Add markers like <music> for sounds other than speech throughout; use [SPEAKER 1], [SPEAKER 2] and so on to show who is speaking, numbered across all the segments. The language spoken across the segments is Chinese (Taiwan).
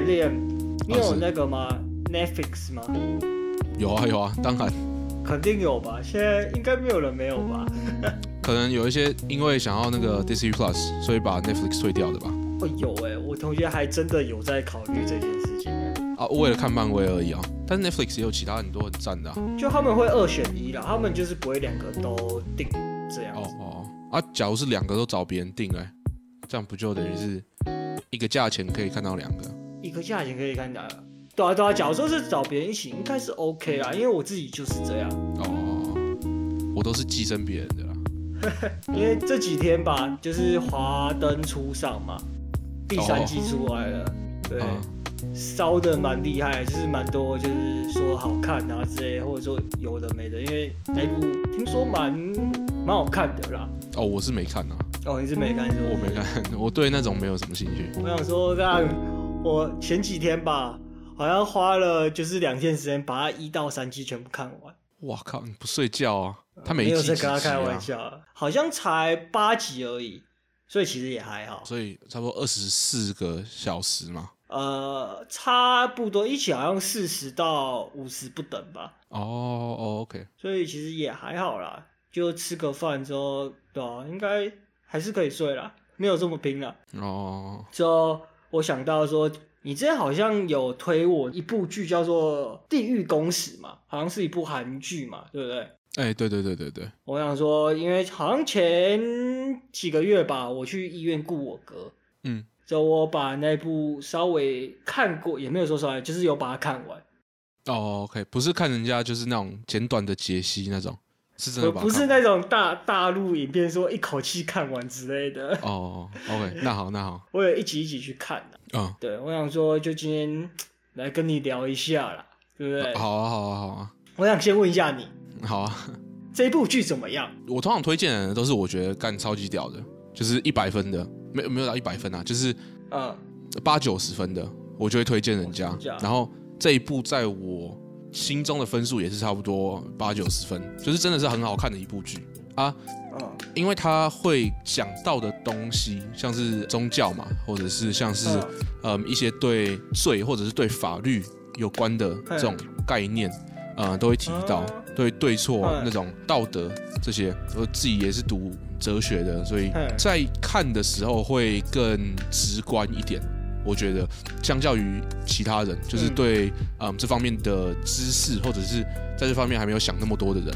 [SPEAKER 1] 你
[SPEAKER 2] 有那個嗎、oh, 是？Netflix 嗎？有啊有啊，當然，
[SPEAKER 1] 肯定有吧。現在應該沒有人沒有吧？
[SPEAKER 2] <laughs> 可能有一些因為想要那個 Disney Plus，所以把 Netflix 退掉的吧。
[SPEAKER 1] 會、oh, 有哎、欸，我同學還真的有在考慮這件事情。
[SPEAKER 2] 啊，啊我為了看漫威而已啊。但是 Netflix 也有其他很多很讚的、啊，
[SPEAKER 1] 就他們會二選一啦，他們就是不會兩個都訂這樣子。哦哦，
[SPEAKER 2] 啊，假如是兩個都找別人訂哎、欸，這樣不就等於是一個價錢可以看到兩個？
[SPEAKER 1] 可價錢可以看的，對啊對啊。假如說是找別人一起，應該是 OK 啊，因為我自己就是這樣。哦，
[SPEAKER 2] 我都是寄生別人的。啦，
[SPEAKER 1] <laughs> 因為這幾天吧，就是華燈初上嘛，第三季出來了，哦、對，燒、啊、的蠻厲害，就是蠻多，就是說好看啊之類，或者說有的沒的，因為那部，聽說蠻蠻好看的啦。
[SPEAKER 2] 哦，我是沒看啊。
[SPEAKER 1] 哦，你是沒看是嗎？我
[SPEAKER 2] 沒看，我對那種沒有什麼興趣。
[SPEAKER 1] 我想說這我前幾天吧，好像花了就是兩天時間，把它一到三季全部看完。哇靠！
[SPEAKER 2] 你不睡覺啊？他每沒、啊呃、沒有在跟他開玩
[SPEAKER 1] 笑、啊，好像才八集而已，所以其實也還好。所以
[SPEAKER 2] 差不多二十四個小時嘛？
[SPEAKER 1] 呃，差不多一集好像四十到五十不等吧。
[SPEAKER 2] 哦哦、oh，OK。
[SPEAKER 1] 所以其實也還好啦，就吃個飯之後，對吧、啊？應該還是可以睡啦，沒有這麼拼了。哦，oh. 就。我想到說，你之前好像有推我一部劇，叫做《地獄公使》嘛，好像是一部韓劇嘛，對不對？哎、
[SPEAKER 2] 欸，對對對對對、對。
[SPEAKER 1] 我想說，因為好像前幾個月吧，我去醫院顧我哥，嗯，就我把那部稍微看過，也沒有說出來，就是有把它看完。
[SPEAKER 2] 哦，OK，不是看人家，就是那種簡短的解析那種。是真的不是
[SPEAKER 1] 那種大大陸影片，說一口氣看完之類的。
[SPEAKER 2] 哦，OK，那好，那好，
[SPEAKER 1] 我也一集一集去看啊，嗯、對，我想說，就今天來跟你聊一下啦，對不對？
[SPEAKER 2] 啊好啊，好啊，好啊。
[SPEAKER 1] 我想先問一下你，好啊，這一部劇怎麼樣？
[SPEAKER 2] 我通常推薦的都是我覺得幹超級屌的，就是一百分的，沒有沒有到一百分啊，就是呃八九十分的，我就會推薦人家。然後這一部在我。心中的分數也是差不多八九十分，就是真的是很好看的一部劇啊。因為他會講到的東西，像是宗教嘛，或者是像是嗯一些對罪或者是對法律有關的這種概念，呃，都會提到對對錯那種道德這些。我自己也是讀哲學的，所以在看的時候會更直觀一點。我覺得，相較於其他人，就是對嗯、呃、這方面的知識，或者是在這方面還沒有想那麼多的人，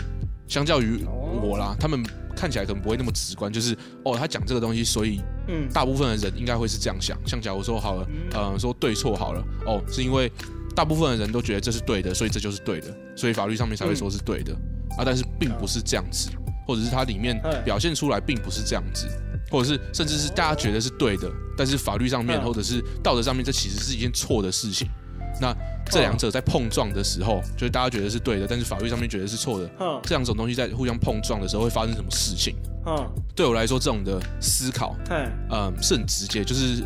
[SPEAKER 2] 相較於我啦，他們看起來可能不會那麼直觀。就是哦，他講這個東西，所以大部分的人應該會是這樣想。像假如說好了，嗯、呃，說對錯好了，哦，是因為大部分的人都覺得這是對的，所以這就是對的，所以法律上面才會說是對的、嗯、啊。但是並不是這樣子，或者是他裡面表現出來並不是這樣子。或者是甚至是大家覺得是對的，但是法律上面或者是道德上面，這其實是一件錯的事情。那這兩者在碰撞的時候，就是大家覺得是對的，但是法律上面覺得是錯的。這兩種東西在互相碰撞的時候會發生什麼事情？對我來說，這種的思考，嗯，是很直接。就是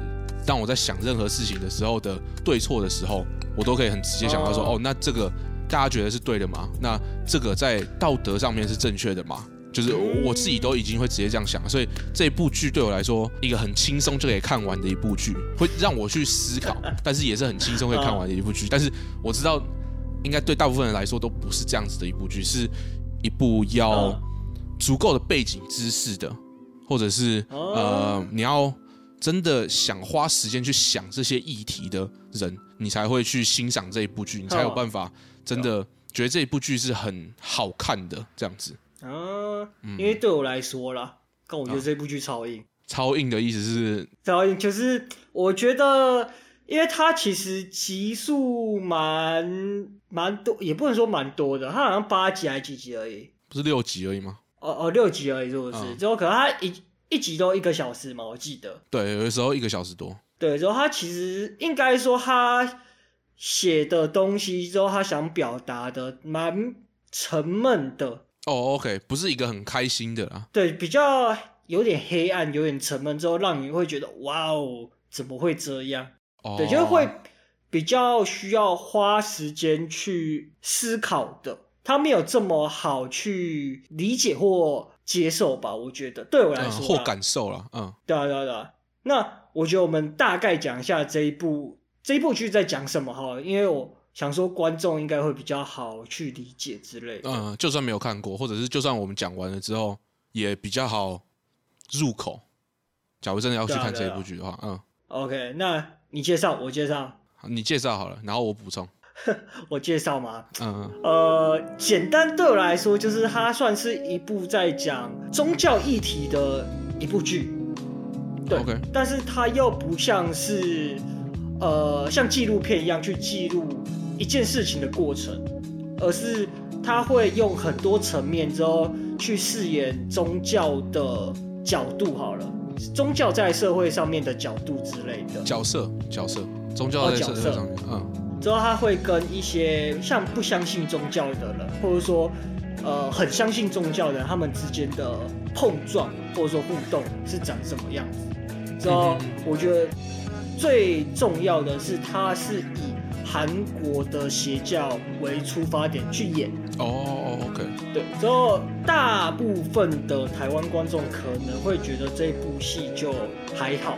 [SPEAKER 2] 當我在想任何事情的時候的對錯的時候，我都可以很直接想到說：哦，那這個大家覺得是對的嗎？那這個在道德上面是正確的嗎？就是我自己都已經會直接這樣想，所以這一部劇對我來說，一個很輕鬆就可以看完的一部劇，會讓我去思考，但是也是很輕鬆可以看完的一部劇。但是我知道，應該對大部分人來說都不是這樣子的一部劇，是一部要足夠的背景知識的，或者是呃，你要真的想花時間去想這些議題的人，你才會去欣賞這一部劇，你才有辦法真的覺得這一部劇是很好看的這樣子。
[SPEAKER 1] 啊，因為對我來說啦，跟、嗯、我覺得這部劇超硬、
[SPEAKER 2] 啊。超硬的
[SPEAKER 1] 意思是，超硬就是我覺得，因為他其實集數蠻蠻多，也不能說蠻多的，他好像八集還是幾集而已，
[SPEAKER 2] 不是六集而已嗎？
[SPEAKER 1] 哦哦，六集而已，是不是？嗯、之後可能他一一集都一個小時嘛，我記得。
[SPEAKER 2] 對，有的時候一個小時多。
[SPEAKER 1] 對，之後他其實應該說，他寫的東西之後，他想表達的蠻沉悶的。
[SPEAKER 2] 哦、oh，OK，不是一個很開心的啦。
[SPEAKER 1] 對，比較有點黑暗，有點沉悶，之後讓你會覺得哇哦，怎麼會這樣？Oh. 對，就會比較需要花時間去思考的，他沒有這麼好去理解或接受吧？我覺得對我來說或、嗯、感受啦。嗯對、啊，對啊，對啊，對啊。那我覺得我們大概講一下這一部這一部劇在講什麼哈，因為我。想說觀眾應該會比較好去理解之類
[SPEAKER 2] 的。嗯，就算沒有看過，或者是就算我們講完了之後，也比較好入口。假如真的要去看這一部劇的話，對啊對啊，嗯
[SPEAKER 1] ，OK，那你介紹，我介紹。你介紹好了，然後我補充。我介紹嘛，嗯呃，簡單對我來說，就是它算是一部在講宗教議題的一部劇。
[SPEAKER 2] 對。啊、OK，
[SPEAKER 1] 但是它又不像是呃像紀錄片一樣去記錄。一件事情的過程，而是他會用很多層面之後去飾演宗教的角度好了，宗教在社會上面的角度之類的角色角
[SPEAKER 2] 色，宗教在、哦、角色。上面、嗯，
[SPEAKER 1] 之後他會跟一些像不相信宗教的人，或者說、呃、很相信宗教的人，他們之間的碰撞或者說互動是長什麼樣子。
[SPEAKER 2] 之後
[SPEAKER 1] 我覺得最重要的是，他是以。韓國的邪教為出發點去演哦，OK，對。之後大部分的台灣觀眾可能會覺得這部戲就還好，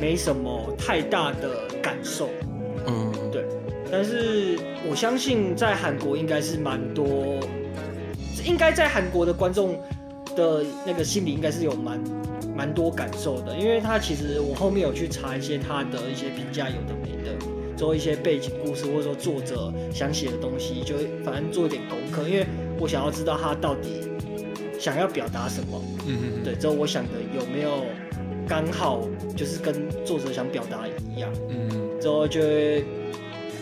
[SPEAKER 1] 沒什麼太大的感受，嗯，對。但是我相信在韓國應該是蠻多，應該在韓國的觀眾的那個心裡應該是有蠻蠻多感受的，因為他其實我後面有去查一些他的一些評價，有的沒的。做一些背景故事，或者說作者想寫的東西，就反正做一點功課，因為我想要知道他到底想要表達什麼。嗯嗯，對。之後我想的有沒有剛好就是跟作者想表達一樣？嗯嗯哼。之後就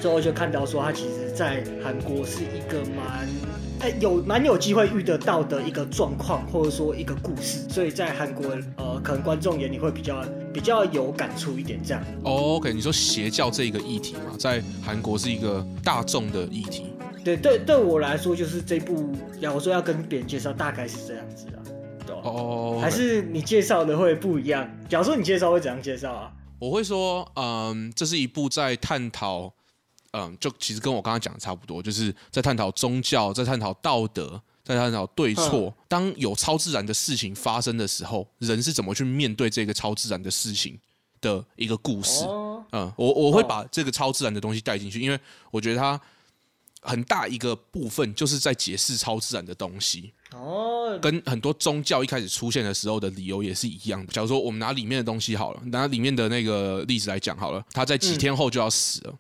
[SPEAKER 1] 之後就看到說他其實，在韓國是一個蠻。哎、欸，有蠻有機會遇得到的一個狀況，或者說一個故事，所以在韓國，呃，可能觀眾眼裡會比較比較有感觸一點，這樣。
[SPEAKER 2] Oh, OK，你說邪教這一個議題嘛，在韓國是一個大眾的議題。
[SPEAKER 1] 對對，對我來說就是這部，假如說要跟別人介紹，大概是這樣子啊。
[SPEAKER 2] 對哦，oh, okay。還是
[SPEAKER 1] 你介紹的會不一樣？假如說你介紹會怎樣介紹啊？
[SPEAKER 2] 我會說，嗯，這是一部在探討。嗯，就其實跟我剛剛講的差不多，就是在探討宗教，在探討道德，在探討對錯。當有超自然的事情發生的時候，人是怎麼去面對這個超自然的事情的一個故事。嗯，我我會把這個超自然的東西帶進去，因為我覺得它很大一個部分就是在解釋超自然的東西。
[SPEAKER 1] 哦，
[SPEAKER 2] 跟很多宗教一開始出現的時候的理由也是一樣的。假如說我們拿裡面的東西好了，拿裡面的那個例子來講好了，他在幾天後就要死了。嗯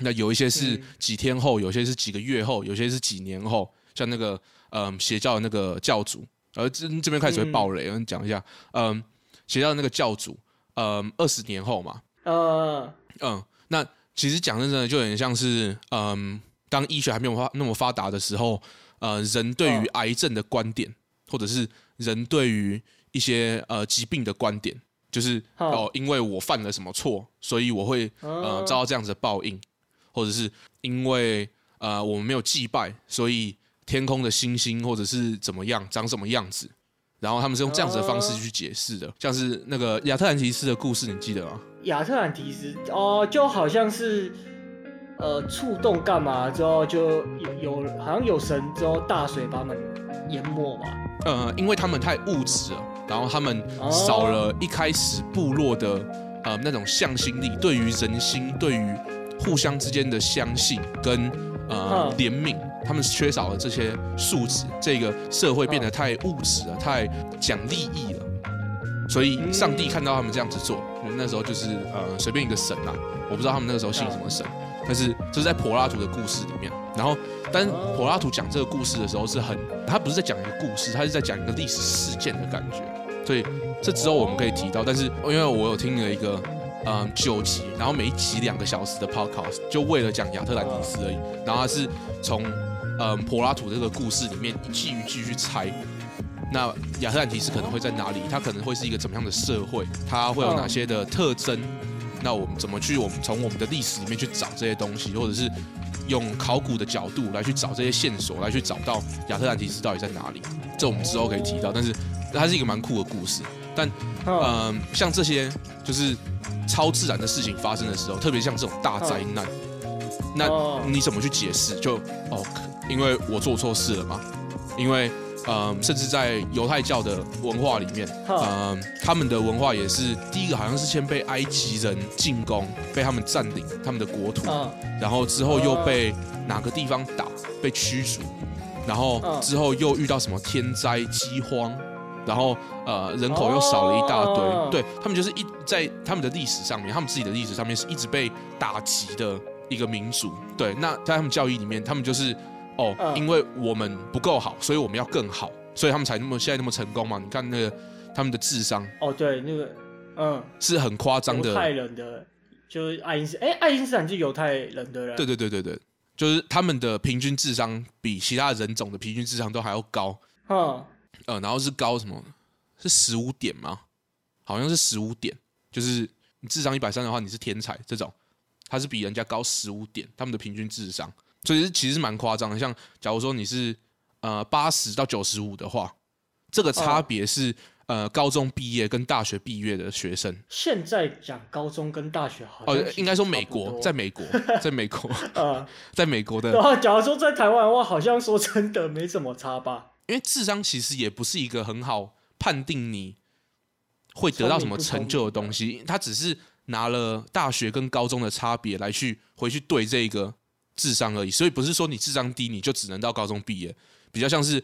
[SPEAKER 2] 那有一些是幾天後，嗯、有些是幾個月後，有些是幾年後。像那個嗯、呃、邪教的那個教主，而、呃、這這邊開始會爆雷。我跟你講一下，嗯、呃，邪教的那個教主，嗯二十年後嘛，
[SPEAKER 1] 呃，嗯、
[SPEAKER 2] 呃，那其實講真的，就有點像是，嗯、呃，當醫學還沒有發那麼發達的時候，呃，人對於癌症的觀點，哦、或者是人對於一些呃疾病的觀點，就是哦、呃，因為我犯了什麼錯，所以我會、哦、呃遭到這樣子的報應。或者是因為呃我們沒有祭拜，所以天空的星星或者是怎麼樣長什麼樣子，然後他們是用這樣子的方式去解釋的，呃、像是那個亞特蘭提斯的故事，你記得嗎？
[SPEAKER 1] 亞特蘭提斯哦，就好像是呃觸動幹嘛之後就有有好像有神之後大水把他們淹沒嘛。
[SPEAKER 2] 呃，因為他們太物質了，然後他們少了一開始部落的、哦、呃那種向心力，對於人心，對於。互相之間的相信跟呃憐憫 Huh.，他們缺少了這些素質，這個社會變得太物質了，太講利益了，所以上帝看到他們這樣子做，我那時候就是 Huh. 呃隨便一個神啊，我不知道他們那個時候信什麼神，Huh. 但是這是在柏拉圖的故事裡面，然後但柏拉圖講這個故事的時候是很，他不是在講一個故事，他是在講一個歷史事件的感覺，所以這之後我們可以提到，oh. 但是因為我有聽了一個。嗯，九集，然後每一集兩個小時的 podcast，就為了講亞特蘭蒂斯而已。然後他是從嗯柏拉圖這個故事裡面一句一句去猜，那亞特蘭蒂斯可能會在哪裡？它可能會是一個怎麼樣的社會？它會有哪些的特徵？嗯、那我們怎麼去我們從我們的歷史裡面去找這些東西，或者是用考古的角度來去找這些線索，來去找到亞特蘭蒂斯到底在哪裡？這我們之後可以提到，但是。它是一個蠻酷的故事，但嗯、呃，像這些就是超自然的事情發生的時候，特別像這種大災難，那你怎麼去解釋？就哦，因為我做錯事了嘛，因為嗯、呃，甚至在猶太教的文化裡面，嗯，他們的文化也是第一個好像是先被埃及人進攻，被他們佔領他們的國土，然後之後又被哪個地方打，被驅逐，然後之後又遇到什麼天災饑荒。然後，呃，人口又少了一大堆。哦、對，他們就是一在他們的歷史上面，他們自己的歷史上面是一直被打擊的一個民族。對，那在他們教育裡面，他們就是哦，嗯、因為我們不夠好，所以我們要更好，所以他們才那麼現在那麼成功嘛。你看那個他們的智商，
[SPEAKER 1] 哦，對，那個
[SPEAKER 2] 嗯，是很誇張的。猶太人
[SPEAKER 1] 的就是愛因斯坦，哎，愛因斯坦是猶太人的人。對對
[SPEAKER 2] 對對對，就是他們的平均智商比其他人種的平均智商都還要高。嗯嗯呃，然後是高什麼？是十五點嗎？好像是十五點，就是你智商一百三的話，你是天才這種，他是比人家高十五點，他們的平均智商，所以是其實蠻誇張的。像假如說你是呃八十到九十五的話，這個差別是呃，呃高中畢業跟大學畢業的學生。
[SPEAKER 1] 現在講高中跟大學好像，哦，呃，應該說美國，在
[SPEAKER 2] 美國，在美國，呃，在美國的。
[SPEAKER 1] 假如說在台灣的話，好像說真的沒什麼差吧。
[SPEAKER 2] 因為智商，其實也不是一個很好判定你會得到什麼成就的東西，他只是拿了大學跟高中的差別來去回去對這個智商而已，所以不是說你智商低你就只能到高中畢業，比較像是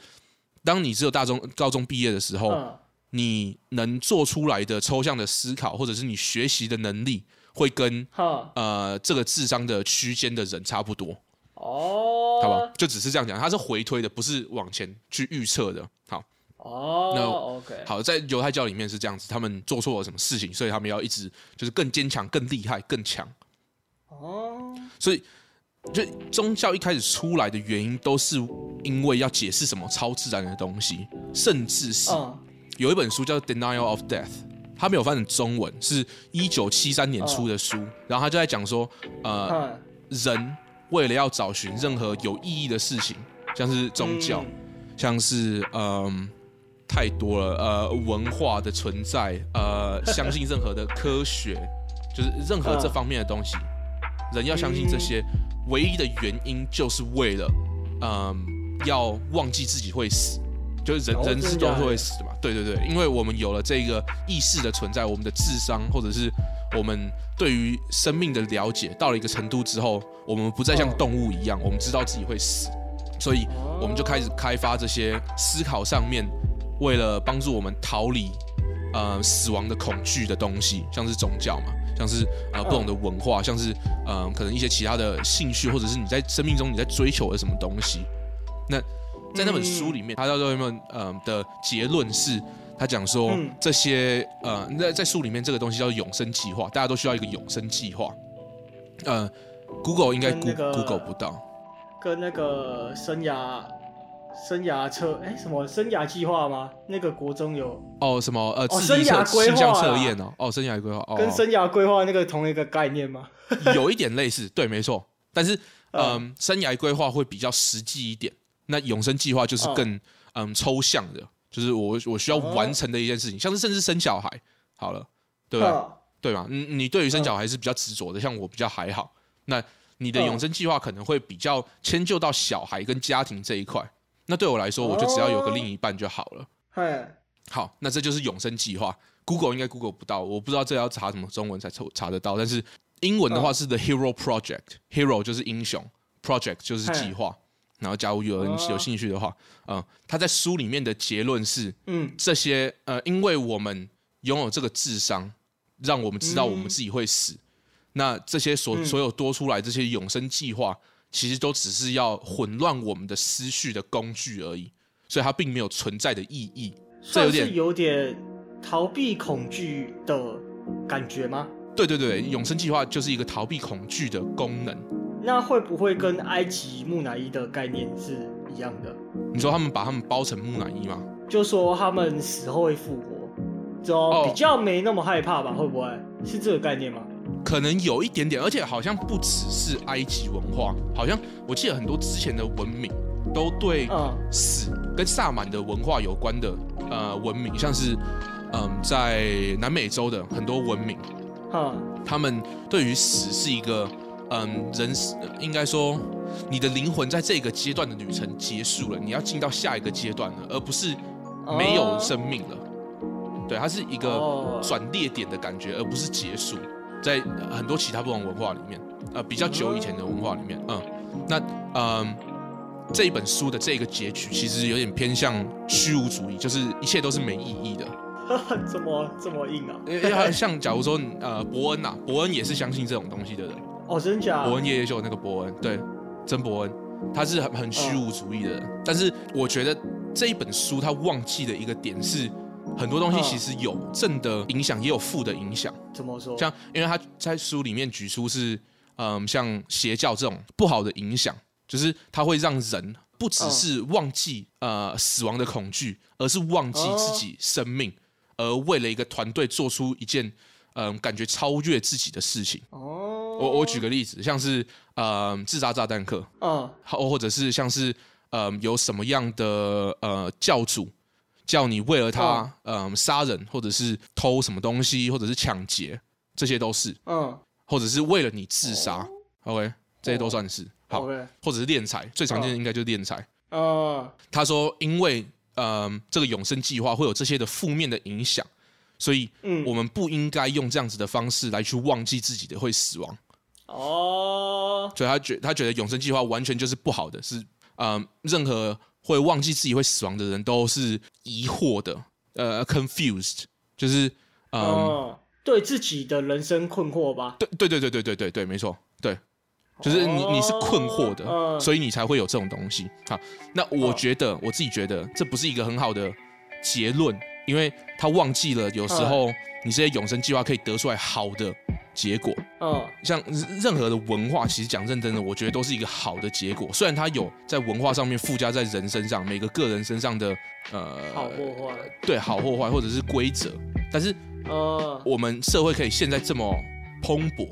[SPEAKER 2] 當你只有大中高中畢業的時候，你能做出來的抽象的思考或者是你學習的能力會跟呃這個智商的區間的人差不多。哦，oh, 好吧，就只是這樣講，它是回推的，不是往前去預測的。好，
[SPEAKER 1] 哦，那 OK，好，
[SPEAKER 2] 在猶太教裡面是這樣子，他們做錯了什麼事情，所以他們要一直就是更堅強、更厲害、更強。哦，oh, 所以就宗教一開始出來的原因，都是因為要解釋什麼超自然的東西，甚至是、uh, 有一本書叫做《Denial of Death》，他沒有翻成中文，是一九七三年出的書，uh, 然後他就在講說，呃，uh, 人。為了要找尋任何有意義的事情，像是宗教，嗯、像是嗯、呃，太多了，呃，文化的存在，呃，相信任何的科學， <laughs> 就是任何這方面的東西，啊、人要相信這些，嗯、唯一的原因就是為了，嗯、呃，要忘記自己會死。就是人人，人是都會死的嘛，對對對，因為我們有了這個意識的存在，我們的智商或者是我們對於生命的了解到了一個程度之後，我們不再像動物一樣，我們知道自己會死，所以我們就開始開發這些思考上面，為了幫助我們逃離呃死亡的恐懼的東西，像是宗教嘛，像是呃不同的文化，像是呃可能一些其他的興趣，或者是你在生命中你在追求的什麼東西，那。在那本書裡面，他他們嗯的結論是，他講說這些、嗯、呃，在在書裡面這個東西叫永生計劃，大家都需要一個永生計劃。呃，Google 應該 go,、那個、Google 不到。
[SPEAKER 1] 跟那個生涯生涯測哎、欸、什麼生涯計劃嗎？那個國中有
[SPEAKER 2] 哦什麼呃自己測。規劃測驗哦哦生涯規劃、喔、哦，生哦跟生
[SPEAKER 1] 涯規劃那個同一個概念嗎？
[SPEAKER 2] <laughs> 有一點類似，對，沒錯。但是嗯，呃呃、生涯規劃會比較實際一點。那永生計劃就是更，oh. 嗯，抽象的，就是我我需要完成的一件事情，oh. 像是甚至生小孩，好了，對吧？Oh. 對吧？嗯，你對於生小孩是比較執着的，像我比較還好。那你的永生計劃可能會比較遷就到小孩跟家庭這一塊。那對我來說，我就只要有個另一半就好了。嗨，oh. 好，那這就是永生計劃。Google 應該 Google 不到，我不知道這要查什麼中文才查得到，但是英文的話是 The Hero Project，Hero 就是英雄，Project 就是計劃。Oh. 然後，假如有人有興趣的話、oh. 呃，他在書裡面的結論是，嗯，這些，呃，因為我們擁有這個智商，讓我們知道我們自己會死，嗯、那這些所所有多出來的這些永生計劃，嗯、其實都只是要混亂我們的思緒的工具而已，所以它並沒有存在的意義。這是
[SPEAKER 1] 有點逃避恐懼的感覺嗎？
[SPEAKER 2] 對對對，嗯、永生計劃就是一個逃避恐懼的功能。
[SPEAKER 1] 那會不會跟埃及木乃伊的概念是一樣的？
[SPEAKER 2] 你說他們把他們包成木乃伊嗎？
[SPEAKER 1] 就說他們死後會復活，哦，比較沒那麼害怕吧？哦、會不會是這個概念嗎？
[SPEAKER 2] 可能有一點點，而且好像不只是埃及文化，好像我記得很多之前的文明都對死跟薩滿的文化有關的呃文明，像是嗯、呃、在南美洲的很多文明，嗯，他們對於死是一個。嗯，人是、呃、應該說，你的靈魂在這個階段的旅程結束了，你要進到下一個階段了，而不是沒有生命了。Oh. 對，它是一個轉捩點的感覺，oh. 而不是結束。在、呃、很多其他不同文化裡面，呃，比較久以前的文化裡面，mm hmm. 嗯，那嗯、呃，這本書的這個結局其實有點偏向虛無主義，就是一切都是沒意義的。
[SPEAKER 1] <laughs> 這麼這麼硬啊？因為、欸
[SPEAKER 2] 呃、像假如說呃，伯恩吶、啊，伯恩也是相信這種東西的人。對
[SPEAKER 1] 哦，真的假？博恩夜
[SPEAKER 2] 夜秀有那個博恩，對，曾博恩，他是很很虛無主義的人。哦、但是我覺得這一本書他忘記的一個點是，很多東西其實有正的影響，也有負的影響。
[SPEAKER 1] 怎麼說？像
[SPEAKER 2] 因為他在書裡面舉出是，嗯、呃，像邪教這種不好的影響，就是他會讓人不只是忘記、哦、呃死亡的恐懼，而是忘記自己生命，哦、而為了一個團隊做出一件嗯、呃、感覺超越自己的事情。哦。我我舉個例子，像是嗯、呃、自殺炸彈客，
[SPEAKER 1] 嗯，
[SPEAKER 2] 或或者是像是嗯、呃、有什麼樣的呃教主叫你為了他嗯殺、uh, 呃、人，或者是偷什麼東西，或者是搶劫，這些都是，嗯，uh, 或者是為了你自殺、oh.，OK，這些都算是好、oh. 或者是斂財，最常見的應該就是斂財，哦，uh. 他說因為嗯、呃、這個永生計劃會有這些的負面的影響，所以我們不應該用這樣子的方式來去忘記自己的會死亡。哦，oh. 所以他覺他覺得永生計劃完全就是不好的，是啊、呃，任何會忘記自己會死亡的人都是疑惑的，呃，confused，就是嗯，呃
[SPEAKER 1] oh. 對自己的人生困惑吧。
[SPEAKER 2] 對對對對對對對對，沒錯，對，
[SPEAKER 1] 就是你
[SPEAKER 2] 你是困惑的，oh. 所以你才會有這種東西。好、啊，那我覺得、oh. 我自己覺得這不是一個很好的結論。因為他忘記了，有時候你這些永生計劃可以得出來好的結果。嗯，像任何的文化，其實講認真的，我覺得都是一個好的結果。雖然它有在文化上面附加在人身上，每個個人身上的呃好或壞，對好或壞，或者是規則，但是呃我們社會可以現在這麼蓬勃，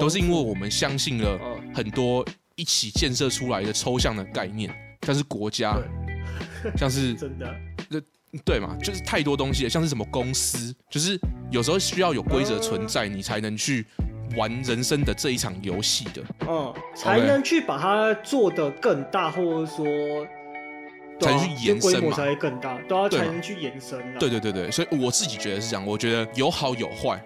[SPEAKER 2] 都是因為我們相信了很多一起建設出來的抽象的概念，像是國家，像是
[SPEAKER 1] 真
[SPEAKER 2] 的，對嘛，就是太多東西了，像是什麼公司，就是有時候需要有規則存在，嗯、你才能去玩人生的這一場遊戲的，
[SPEAKER 1] 嗯，才能去把它做得更大，或者說，才能去延伸嘛，才會更大，都要才能去延伸。對對
[SPEAKER 2] 對對，所以我自己覺得是這樣，我覺得有好有壞，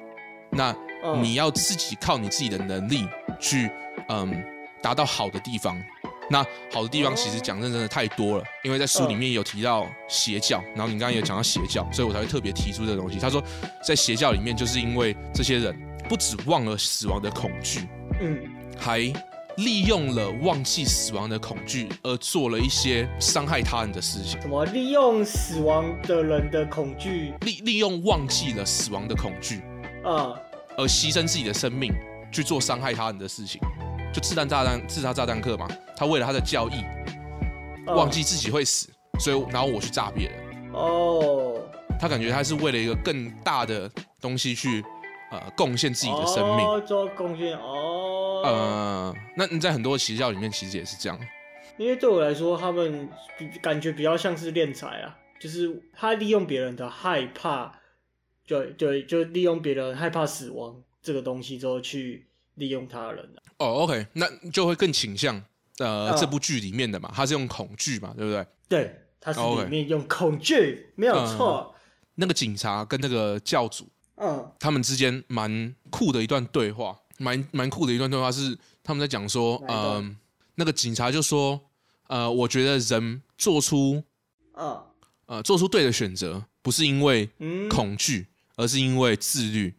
[SPEAKER 2] 那你要自己靠你自己的能力去，嗯，達到好的地方。那好的地方其實講得真的太多了，因為在書裡面有提到邪教，然後你剛剛有講到邪教，所以我才會特別提出這個東西。他說，在邪教裡面，就是因為這些人不止忘了死亡的恐懼，嗯，還利用了忘記死亡的恐懼而做了一些傷害他人的事情。什麼？利用死亡的人的恐懼，利利用忘記了死亡的恐懼啊，而犧牲自己的生命去做傷害他人的事情。就自彈炸彈、刺殺炸彈客嘛，他為了他的教義，
[SPEAKER 1] 忘記自
[SPEAKER 2] 己會死，oh. 所以然後我去炸別人。哦，oh. 他感覺他是為了一個更大的東西去，呃，貢獻自己的生命，oh,
[SPEAKER 1] 做貢獻。哦、oh.，呃，
[SPEAKER 2] 那你在很多邪教裡面其實也是這樣，
[SPEAKER 1] 因為對我來說，他們比感覺比較像是斂財啊，就是他利用別人的害怕，就就就利用別人害怕死亡這個東西之後去利用他人啊。
[SPEAKER 2] 哦、oh, OK，那就會更傾向呃、oh. 這部劇裡面的嘛，他是用恐懼嘛，對不對？對，他是裡面
[SPEAKER 1] 用恐懼，oh, okay. 沒有錯、呃。
[SPEAKER 2] 那個警察跟那個教主，嗯，oh. 他們之間蠻酷的一段對話，蠻蠻酷的一段對話是他們在講說，呃，那個警察就說，呃，我覺得人做出，呃、oh. 呃，做出對的選擇，不是因為恐懼，嗯、而是因為自律。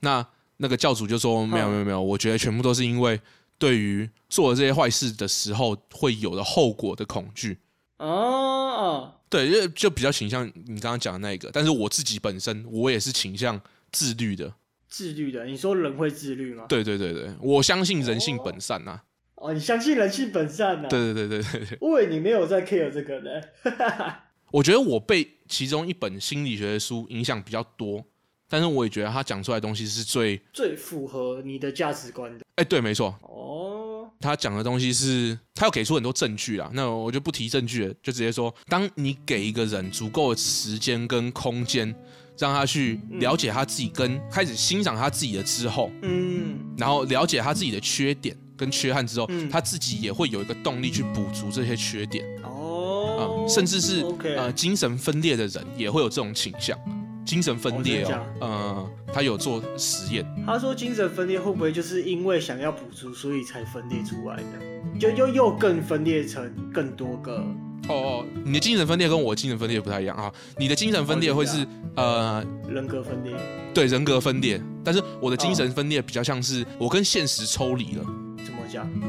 [SPEAKER 2] 那。那個教主就說：“沒有，沒有，沒有，我覺得全部都是因為對於做了這些壞事的時候會有的後果的恐懼。”
[SPEAKER 1] 哦，對，
[SPEAKER 2] 就就比較傾向你剛剛講的那一個，但是我自己本身我也是傾向自律的，
[SPEAKER 1] 自律的。你說人會自律嗎？對
[SPEAKER 2] 對對對，對，我相信人性本善吶。
[SPEAKER 1] 哦，你相信人性本善吶？對
[SPEAKER 2] 對對對對，
[SPEAKER 1] 因為你沒有在 care 這個的。
[SPEAKER 2] 我覺得我被其中一本心理學的書影響比較多。但是我也覺得他講出來的東西是最
[SPEAKER 1] 最符合你的價值觀的。
[SPEAKER 2] 哎，對，沒錯。哦，oh. 他講的東西是，他要給出很多證據啦。那我就不提證據了，就直接說，當你給一個人足夠的時間跟空間，讓他去了解他自己跟、跟、嗯、開始欣賞他自己的之後，嗯，然後了解他自己的缺點跟缺憾之後，嗯、他自己也會有一個動力去補足這些缺點。哦，
[SPEAKER 1] 啊，甚至是
[SPEAKER 2] Okay. 呃，精神分裂的人也會有這種傾向。精神分裂哦，哦、真的假的、呃，他有做實驗。
[SPEAKER 1] 他說精神分裂會不會就是因為想要補足，所以才分裂出來的？就又又更分裂成更多個。哦
[SPEAKER 2] 哦，你的精神分裂跟我精神分裂不太一樣啊。你的精神分裂會是、哦、真的假的、呃、人格分裂，對，人格分裂。但是我的精神分裂比較像是我跟現實抽離了。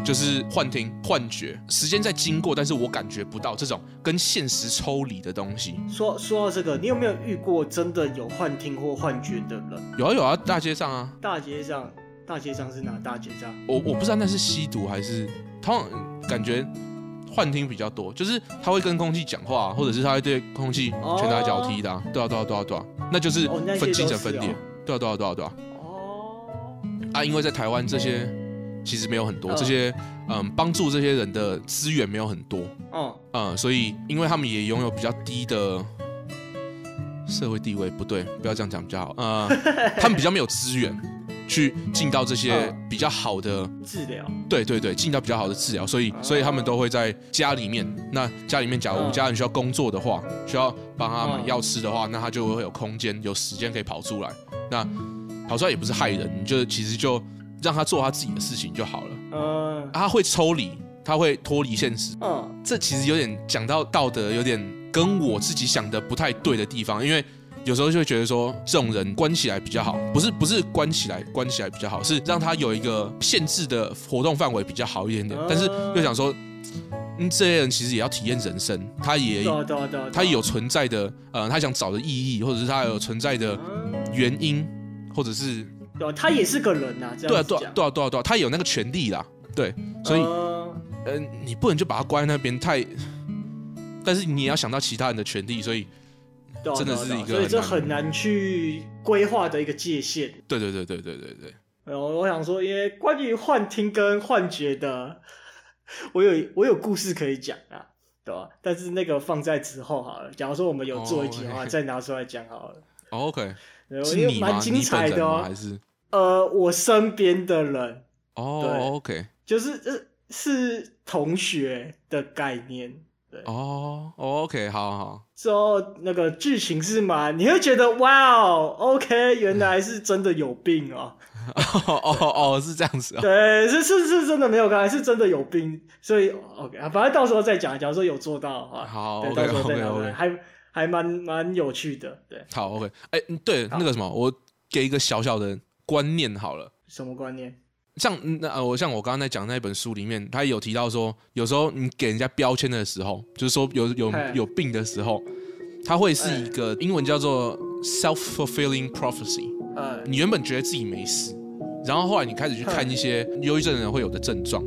[SPEAKER 2] 就是幻聽、幻覺，時間在經過，但是我感覺不到這種跟現實抽離的東西
[SPEAKER 1] 說。說說到這個，你有沒有遇過真的有幻聽或幻覺的人？
[SPEAKER 2] 有啊有啊，大街上啊，
[SPEAKER 1] 大街上，大街上是哪大街上？我我不知道
[SPEAKER 2] 那是吸毒還是他、嗯、感覺幻聽比較多，就是他會跟空氣講話，或者是他會對空氣拳打腳踢的，啊哦對啊，對啊對啊對啊對啊，對啊，那就是分精神分裂對啊對啊對啊對啊。對啊對啊對啊哦，啊，因為在台灣這些、哦。其實沒有很多、嗯、這些，嗯，幫助這些人的資源沒有很多，嗯，嗯，所以因為他們也擁有比較低的社會地位，不對，不要這樣講比較好，呃、嗯， <laughs> 他們比較沒有資源去進到這些比較好的、嗯、治療，對對對，進到比較好的治療，所以、嗯、所以他們都會在家裡面。那家裡面，假如家人需要工作的話，嗯、需要幫他買藥吃的話，嗯、那他就會有空間、有時間可以跑出來。那跑出來也不是害人，就是其實就。讓他做他自己的事情就好
[SPEAKER 1] 了。
[SPEAKER 2] 嗯，他會抽離，他會脫離現實。嗯，這其實有點講到道德，有點跟我自己想的不太對的地方。因為有時候就會覺得說，這種人關起來比較好，不是不是關起來，關起來比較好，是讓他有一個限制的活動範圍比較好一點點。但是又想說，嗯，這些人其實也要體驗人生，他也，他也有存在的呃，他想找的意義，或者是他有存在的原因，或者是。
[SPEAKER 1] 對、嗯，他也是個人吶、啊，這樣講。對啊，對
[SPEAKER 2] 啊，對啊，對啊，他有那個權利啦，對，所以，嗯、呃呃，你不能就把他關在那邊太，但是你也要想到其他人的權利，所以，
[SPEAKER 1] 對啊、真的是一個，所以這很難去規劃的一個界限。
[SPEAKER 2] 對，對對對對對對
[SPEAKER 1] 對。哦、呃，我想說，因為關於幻聽跟幻覺的，我有我有故事可以講啊，對吧、啊？但是那個放在之後好了，假如說我們有做一集的話，oh, okay. 再拿出來講好
[SPEAKER 2] 了。OK，對是蠻精彩的、喔，哦。還是？
[SPEAKER 1] 呃，我身邊的人
[SPEAKER 2] 哦，OK，
[SPEAKER 1] 就是是是同學的概念，
[SPEAKER 2] 對哦，OK，好好，
[SPEAKER 1] 之後那個劇情是蠻你會覺得哇哦，OK，原來是真的有病哦，哦哦是這樣子，啊。對，是是是真的沒有，剛才是真的有病，所以 OK 啊，反正到時候再講，假如說有做到的話，好對對對。OK 還還蠻蠻有趣的，
[SPEAKER 2] 對，好，OK，哎，對，那個什麼，我給一個小小的。觀念好了，
[SPEAKER 1] 什麼觀念？
[SPEAKER 2] 像那呃，我像我剛剛在講的那本書裡面，他有提到說，有時候你給人家標籤的時候，就是說有有有病的時候，他會是一個英文叫做 self-fulfilling prophecy。嗯、呃，你原本覺得自己沒死，然後後來你開始去看一些憂鬱症人會有的症狀，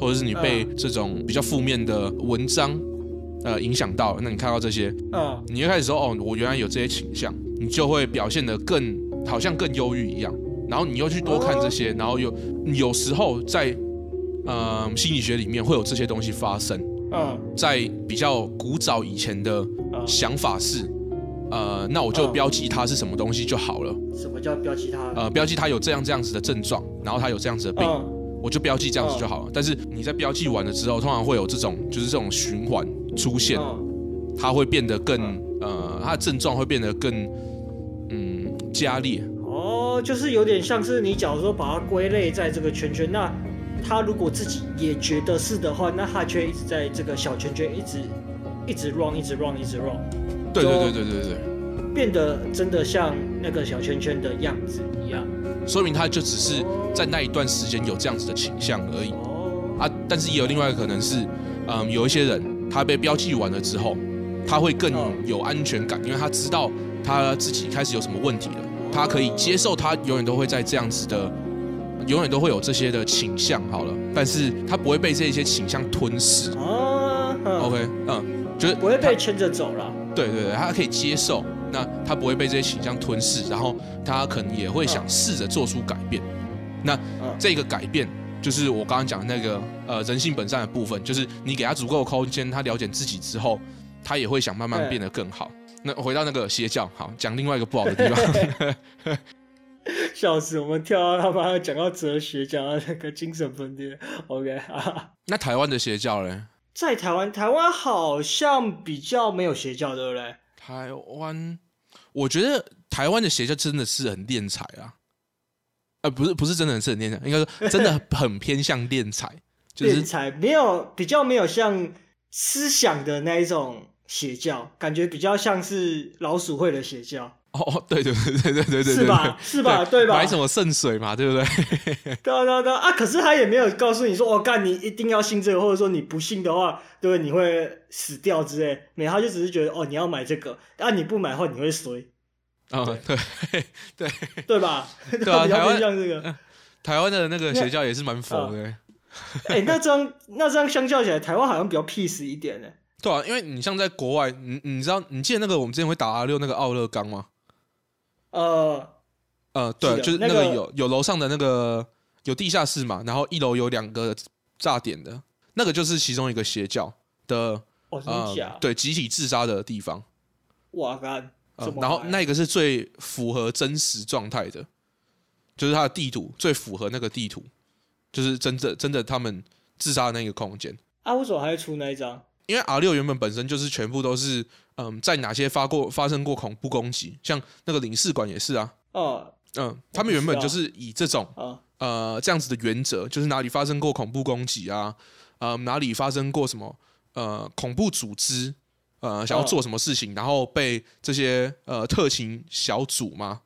[SPEAKER 2] 或者是你被這種比較負面的文章呃影響到，那你看到這些，你就開始說哦，我原來有這些傾向，你就會表現得更好像更憂鬱一樣。然後你又去多看這些，然後又有，有時候在呃心理學裡面會有這些東西發生。嗯，在比較古早以前的想法是，呃，那我就標記它是什麼東西就好了。什
[SPEAKER 1] 麼叫標記它？呃，
[SPEAKER 2] 標記它有這樣這樣子的症狀，然後它有這樣子的病，嗯、我就標記這樣子就好了。嗯、但是你在標記完了之後，通常會有這種就是這種循環出現，它會變得更、嗯、呃，它的症狀會變得更嗯加烈。
[SPEAKER 1] 就是有點像是你假如說把它歸類在這個圈圈，那他如果自己也覺得是的話，那他卻一直在這個小圈圈一直一直 wrong，一直 wrong，一直 wrong。對對對對對對，變得真的像那個小圈圈的樣子一樣。
[SPEAKER 2] 說明他就只是在那一段時間有這樣子的傾向而已。Oh. 啊，但是也有另外一個可能是，嗯，有一些人他被標記完了之後，他會更有安全感，Oh. 因為他知道他自己開始有什麼問題了。他可以接受，他永遠都會在這樣子的，永遠都會有這些的傾向。好了，但是他不會被這些傾向吞噬。哦，OK，嗯，就是不會被牽着走了。對對對，他可以接受，那他不會被這些傾向吞噬，然後他可能也會想試着做出改變。那這個改變就是我剛剛講的那個呃人性本善的部分，就是你給他足夠的空間，他了解自己之後，他也會想慢慢變得更好。那回到那個邪教，好，講另外一個不好的地方，
[SPEAKER 1] 笑死！ <laughs> 我們跳到他媽講到哲學，講到那個精神分裂。OK，、啊、
[SPEAKER 2] 那台灣的邪教呢？
[SPEAKER 1] 在台灣，台灣好像比較沒有邪教，對不對？台灣，
[SPEAKER 2] 我覺得台灣的邪教真的是很斂財啊！啊、呃，不是，不是真的是很斂財，應該說真的很偏向斂財，就是斂
[SPEAKER 1] 財，沒有比較沒有像思想的那一種。邪教感覺比較像是老鼠會的邪教
[SPEAKER 2] 哦，對對對對對對對，對，是吧？是吧？對，對吧？買什麼聖水嘛，對不對？
[SPEAKER 1] 對、啊、對啊對啊，啊！可是他也沒有告訴你說，哦，幹你一定要信這個，或者說你不信的話，對不你會死掉之類。美他就只是覺得，哦，你要買這個，那、啊、你不買的話，你會衰。
[SPEAKER 2] 哦對
[SPEAKER 1] 對對，對吧？對吧、啊？台灣像這個，
[SPEAKER 2] 台灣的那個邪教也是蠻佛的。哎、
[SPEAKER 1] 呃 <laughs> 欸，那張樣那這樣相較起來，台灣好像比較屁 e 一點呢、欸。
[SPEAKER 2] 對啊，因為你像在國外，你你知道，你記得那個我們之前會打阿六那個奧勒岡嗎？
[SPEAKER 1] 呃，
[SPEAKER 2] 呃，對，得就是那個有、那個、有樓上的那個有地下室嘛，然後一樓有兩個炸點的，那個就是其中一個邪教的，哦，啊、呃，假對，集體自殺的地方。
[SPEAKER 1] 哇幹，幹、呃！然後
[SPEAKER 2] 那個是最符合真實狀態的，就是它的地圖最符合那個地圖，就是真的真的他們自殺的那個空間。
[SPEAKER 1] 阿、啊、為什麼還會出那一張？
[SPEAKER 2] 因為 R6 原本本身就是全部都是，嗯，在哪些發過發生過恐怖攻擊，像那個領事館也是啊，哦、嗯，他們原本就是以這種，哦、呃，這樣子的原則，就是哪裡發生過恐怖攻擊啊、呃，哪裡發生過什麼，呃，恐怖組織，呃，想要做什麼事情，哦、然後被這些呃特勤小組嗎，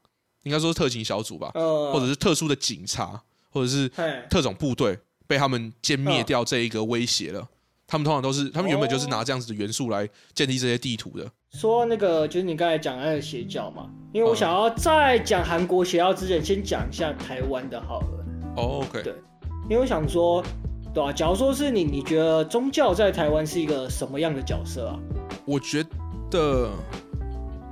[SPEAKER 2] 應該說是特勤小組吧，哦、或者是特殊的警察，或者是特種部隊，嘿被他們殲滅掉這一個威脅了。哦他們通常都是，他們原本就是拿這樣子的元素來建立這些地圖的。
[SPEAKER 1] 哦、說那個就是你剛才講那個邪教嘛，因為我想要在講韓國邪教之前，呃、先講一下台灣的好了。哦 OK，對，因為我想說，對啊，假如說是你，你覺得宗教在台灣是一個什麼樣的角色啊？我覺得，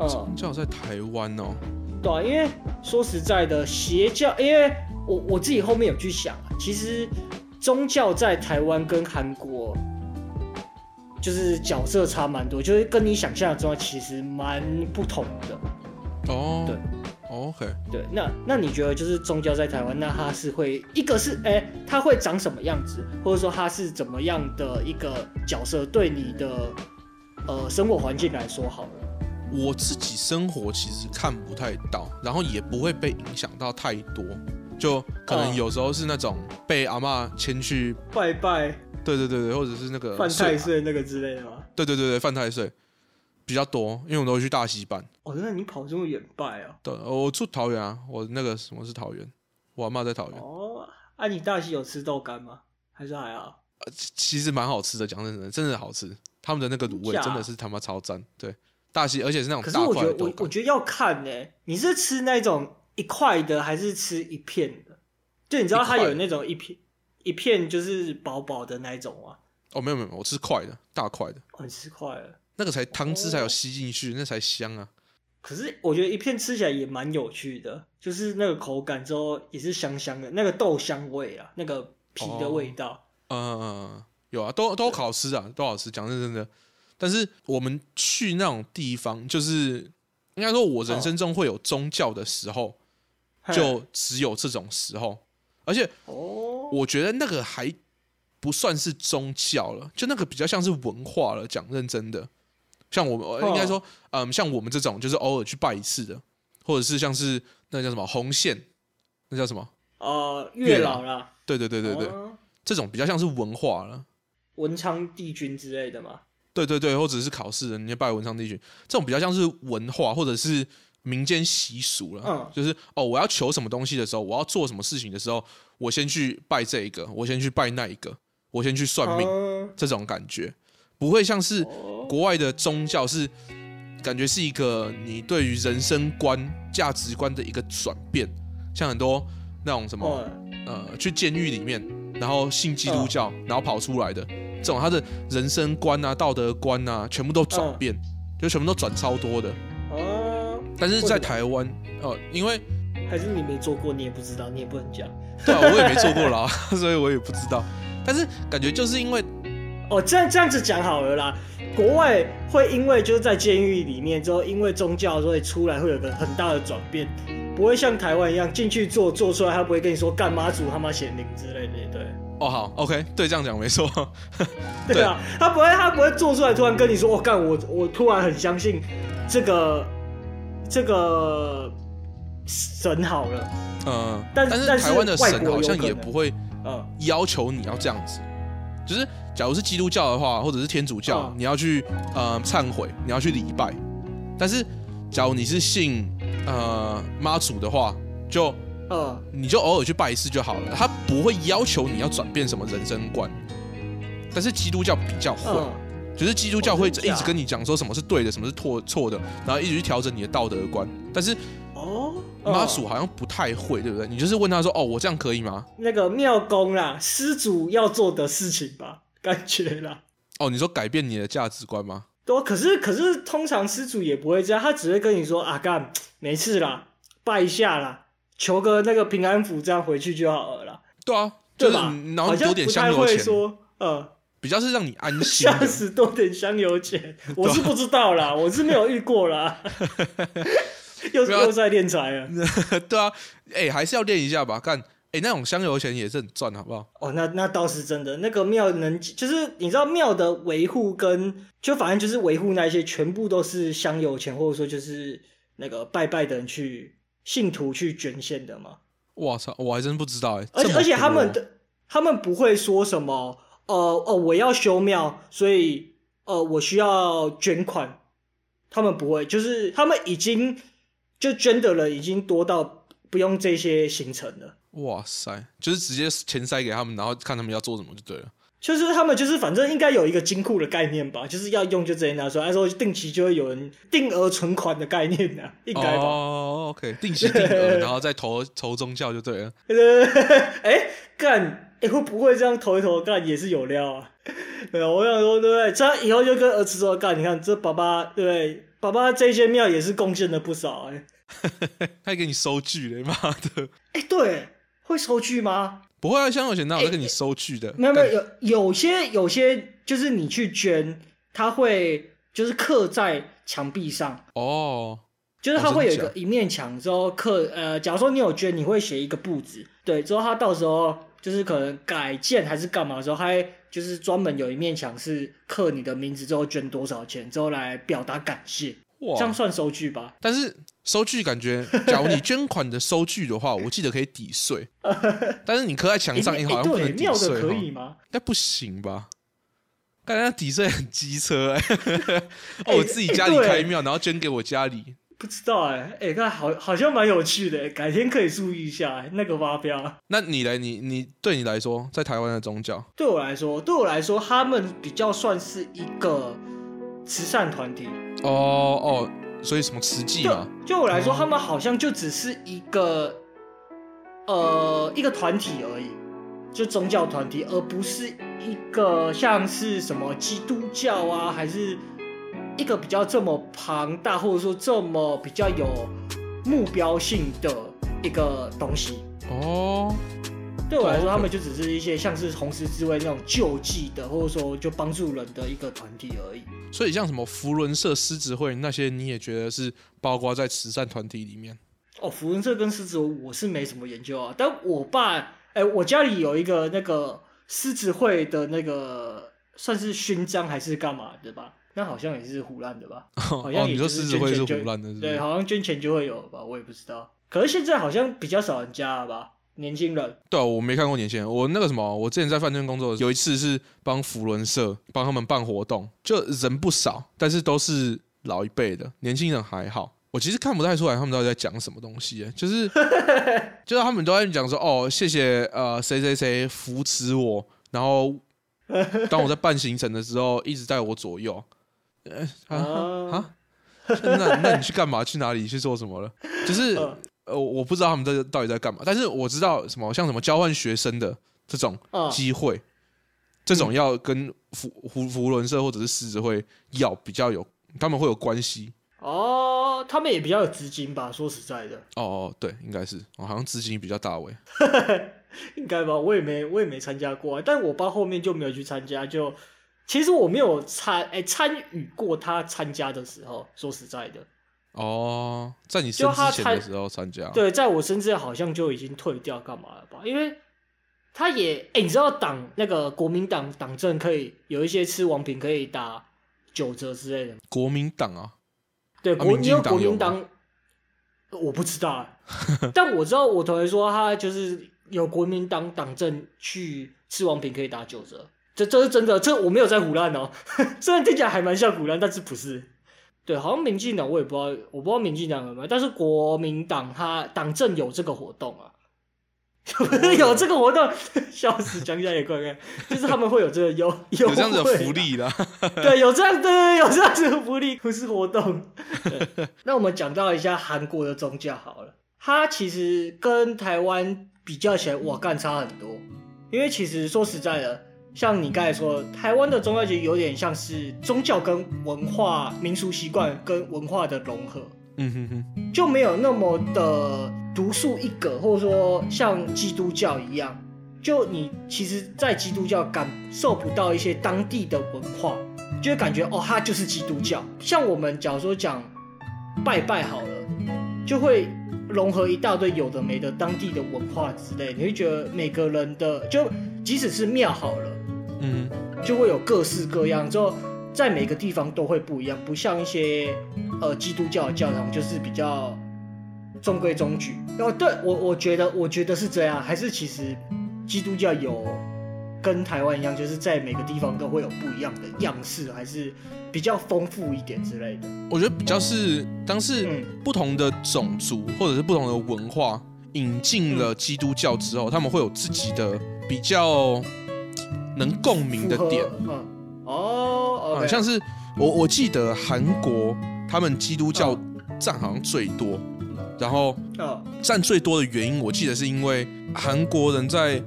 [SPEAKER 1] 宗教在
[SPEAKER 2] 台灣哦、呃，
[SPEAKER 1] 對啊，因為說實在的，邪教，因為我我自己後面有去想、啊，其實宗教在台灣跟韓國。就是角色差蠻多，就是跟你想象中的其實蠻不同的。哦，對，OK，對，那那你覺得就是宗教在台灣，那它是會一個是哎，它、欸、會長什麼樣子，或者說它是怎麼樣的一個角色？對你的呃生活環境來說，好了，
[SPEAKER 2] 我自己生活其實看不太到，然後也不會被影響到太多，就可能有時候是那種被阿媽牽去
[SPEAKER 1] 拜拜。
[SPEAKER 2] 對對對對，或者是那個犯太
[SPEAKER 1] 歲那個之類
[SPEAKER 2] 的嗎？對對對對，犯太歲比較多，因為我都會去大溪辦。
[SPEAKER 1] 哦，那你跑這麼遠拜啊。
[SPEAKER 2] 對，我住桃園啊，我那個什麼是桃園？我阿媽在桃園。哦，
[SPEAKER 1] 啊你大溪有吃豆干嗎？還是還好？啊？
[SPEAKER 2] 其實蠻好吃的，講真的，真的好吃。他們的那個滷味真的是他媽、媽超讚。對，大溪而且是那種大塊，可是我覺
[SPEAKER 1] 得我我覺得要看呢，欸，你是吃那種一塊的還是吃一片的？就你知道他有那種一片。一一片就是薄薄的那一種啊！
[SPEAKER 2] 哦，沒有沒有，我吃塊的，大塊的，
[SPEAKER 1] 我很吃塊的，哦、快
[SPEAKER 2] 那個才湯汁才有吸進去，哦、那才香啊！
[SPEAKER 1] 可是我覺得一片吃起來也蠻有趣的，就是那個口感之後也是香香的，那個豆香味啊，那個皮的味道，嗯
[SPEAKER 2] 嗯嗯，有啊，都都好吃啊，對都好吃，講真的真的。但是我們去那種地方，就是應該說我人生中會有宗教的時候，哦、就只有這種時候。而且，哦、我覺得那個還不算是宗教了，就那個比較像是文化了。講認真的，像我們、哦、應該說，嗯，像我們這種就是偶爾去拜一次的，或者是像是那個、叫什麼紅線，那個、叫什麼？
[SPEAKER 1] 呃，月老啦。對對對對對，
[SPEAKER 2] 哦、這種比較像是文化了，
[SPEAKER 1] 文昌帝君之類的嘛。
[SPEAKER 2] 對對對，或者是考試人，你也拜文昌帝君，這種比較像是文化，或者是。民間習俗了，就是哦，我要求什麼東西的時候，我要做什麼事情的時候，我先去拜這一個，我先去拜那一個，我先去算命，這種感覺不會像是國外的宗教，是感覺是一個你對於人生觀、價值觀的一個轉變，像很多那種什麼呃，去監獄裡面，然後信基督教，然後跑出來的這種，他的人生觀啊、道德觀啊，全部都轉變，就全部都轉超多的。但是在台灣
[SPEAKER 1] 哦，因為還是你沒做過，你也不知道，你也不能講。對啊，我也沒做過啦、啊， <laughs> 所以我也不知道。但是感覺就是因為哦，這樣這樣子講好了啦。國外會因為就是在監獄裡面之後，因為宗教所以會出來，會有個很大的轉變，不會像台灣一樣進去做做出來，他不會跟你說幹媽祖他媽顯靈之類的。對
[SPEAKER 2] 哦，好，OK，對，這樣講沒錯。 <laughs> 對，
[SPEAKER 1] 對啊，他不會，他不會做出來，突然跟你說、嗯哦、幹我幹我我突然很相信這個。這個神好了，
[SPEAKER 2] 嗯、呃，但，但是台灣的神好像也不會要要，呃呃、要求你要這樣子。就是假如是基督教的話，或者是天主教，呃、你要去呃懺悔，你要去禮拜。但是假如你是信呃媽祖的話，就呃你就偶爾去拜一次就好了，他不會要求你要轉變什麼人生觀。但是基督教比較混。呃就是基督教會一直跟你講說什麼是對的，哦，是不是啊？什麼是錯錯的，然後一直去調整你的道德觀。但是，哦，媽祖好像不太會，對不對？你就是問他說：“哦，我這樣可以嗎？”
[SPEAKER 1] 那個廟公啦，施主要做的事情吧，感覺啦。
[SPEAKER 2] 哦，你說改變你的價值觀嗎？
[SPEAKER 1] 對啊，可是可是通常施主也不會這樣，他只會跟你說：“阿、啊、幹，沒事啦，拜一下啦，求個那個平安符，這樣回去就好了。”對啊，就是對吧？然後多點香油錢。說，呃比較是讓你安心，三十多點香油錢。 <laughs> 我是不知道啦，對啊、我是沒有遇過啦。 <laughs> <laughs> 又又在練財了， <laughs> 對啊，哎，還是要
[SPEAKER 2] 練一下吧。看，哎，那種香油錢也是很賺，好不好？
[SPEAKER 1] 哦，那那倒是真的，那個廟能，就是你知道廟的維護跟就反正就是維護那些全部都是香油錢，或者說就是那個拜拜的人去信徒去捐獻的嘛。
[SPEAKER 2] 我操，我還真不知道、欸，而且而且他
[SPEAKER 1] 們的、哦、他們不會說什麼。呃呃、哦，我要修廟，所以呃，我需要捐款。他們不會，就是他們已經就捐得了，已經多到不用這些行程了。
[SPEAKER 2] 哇塞，就是直接錢塞給他們，然後看他們要做什麼就對了。
[SPEAKER 1] 就是他們就是反正應該有一個金庫的概念吧，就是要用就直接拿出來，說定期就會有人定額存款的概念啊。應該哦
[SPEAKER 2] ，OK，定期定額， <laughs> 然後再投 <laughs> 投宗教就對
[SPEAKER 1] 了。哎、 <laughs> 欸，幹。欸、會不會這樣投一投幹也是有料啊？沒啊，我想說，對不對？這以，以後就跟兒子說幹，你看這爸爸，對爸爸這些廟也是貢獻了不少哎、欸。
[SPEAKER 2] <laughs> 他也給你收據了媽的！
[SPEAKER 1] 哎、欸，對，會收據嗎？
[SPEAKER 2] 不會啊，像有錢我就給、欸、你收據的。欸欸、麼沒有沒有，
[SPEAKER 1] 有有些有些就是你去捐，他會就是刻在牆壁上哦。就是他會有一個一面牆之後刻呃，假如說你有捐，你會寫一個布子，對，之後他到時候。就是可能改建還是幹嘛的時候，還就是專門有一面牆是刻你的名字，之後捐多少錢，之後來表達感謝，哇這樣算收據吧？但是
[SPEAKER 2] 收據感覺，假如你捐款的收據的話， <laughs> 我記得可以抵稅。 <laughs> 但是你刻在牆上，欸、你好像不能抵稅，欸、可以嗎？應不行吧？剛才抵稅很機車、欸。 <laughs> 哦，欸、我自己家裡開廟，欸、然後捐給我家裡。
[SPEAKER 1] 不知道哎、欸，哎、欸，看好好像蠻有趣的、欸，改天可以注意一下、欸、那個發表。
[SPEAKER 2] 那你來，你你對你來說，在
[SPEAKER 1] 台灣的宗教，對我來說，對我來說，他們比較算是一個慈善團體。
[SPEAKER 2] 哦哦，所以什麼慈濟啊？
[SPEAKER 1] 對我來說，他們好像就只是一個，嗯、呃，一個團體而已，就宗教團體，而不是一個像是什麼基督教啊，還是。一個比較這麼龐大，或者說這麼比較有目標性的一個東西哦。對，對我來說，他們就只是一些像是紅十字會那種救濟的，或者說就幫助人的一個團體而已。
[SPEAKER 2] 所以，像什麼扶輪社、獅子會那些，你也覺得是包括在慈善團體裡面？
[SPEAKER 1] 哦，扶輪社跟獅子我是沒什麼研究啊。但我爸，哎，我家裡有一個那個獅子會的那個算是勳章還是幹嘛，對吧？那好像也是唬爛的吧？哦，你說獅子會是唬爛的是嗎？對，好像捐錢就會有了吧，我也不知道。可是現在好像比較少人加了吧，年輕人。
[SPEAKER 2] 對、啊，我沒看過年輕人。我那個什麼，我之前在飯店工作的時候，有一次是幫扶輪社幫他們辦活動，就人不少，但是都是老一輩的，年輕人還好。我其實看不太出來他們到底在講什麼東西、欸，就是 <laughs> 就是他們都在講說哦，謝謝呃誰誰誰扶持我，然後當我在辦行程的時候，一直在我左右。哎，啊，那那你去幹嘛？去哪裡去做什麼了？就是呃，呃，我不知道他們在到底在幹嘛，但是我知道什麼像什麼交換學生的這種機會，呃、這種要跟福、嗯、扶扶輪社或者是獅子會要比較有，他們會有關係
[SPEAKER 1] 哦。他們也比較有資金吧？說實在的，
[SPEAKER 2] 哦哦，對，應該是，哦，好像資金比較大尾，
[SPEAKER 1] <laughs> 應該吧？我也沒我也沒參加過耶，但我爸後面就沒有去參加就。其實我沒有參誒參與過他參加的時候，說實在的。
[SPEAKER 2] 哦，oh, 在你生之前就他的時候參加，對，
[SPEAKER 1] 在我生之前好像就已經退掉幹嘛了吧？因為他也哎、欸、你知道黨那個國民黨黨證可以有一些吃王品可以打九折之類的。
[SPEAKER 2] 國民黨啊，對，國民黨國民
[SPEAKER 1] 黨我不知道， <laughs> 但我知道我同學說他就是有國民黨黨證去吃王品可以打九折。這這是真的，這我沒有在唬爛哦。 <laughs> 雖然聽起來還蠻像唬爛，但是不是？對，好像民進黨，我也不知道，我不知道民進黨有沒有。但是國民黨他黨政有這個活動啊， <laughs> 有這個活動，笑死，講起來也怪怪，就是他們會有這個有有、啊、有這樣的福
[SPEAKER 2] 利啦， <laughs> 對，
[SPEAKER 1] 有這樣的有這樣的福利不是活動。那我們講到一下韓國的宗教好了，它其實跟台灣比較起來，哇，幹差很多。因為其實說實在的。像你剛才說的，台灣的宗教其實有點像是宗教跟文化、民俗習慣跟文化的融合，嗯哼哼，就沒有那麼的獨樹一格，或者說像基督教一樣，就你其實，在基督教感受不到一些當地的文化，就會感覺哦，它就是基督教。像我們假如說講拜拜好了，就會融合一大堆有的沒的當地的文化之類，你會覺得每個人的，就即使是廟好了。嗯，就會有各式各樣，之後在每個地方都會不一樣，不像一些、呃、基督教的教堂就是比較中規中矩哦。對我，我覺得，我覺得是這樣，還是其實基督教有跟台灣一樣，就是在每個地方都會有不一樣的樣式，還是比較豐富一點之類的。我覺得比較是，
[SPEAKER 2] 當時不同的種族或者是不同的文化引進了基督教之後，他們會有自己的比較。能共鳴的點，
[SPEAKER 1] 哦，
[SPEAKER 2] 好像是我我記得韓國他們基督教占好像最多，然後占最多的原因，我記得是因為韓國人在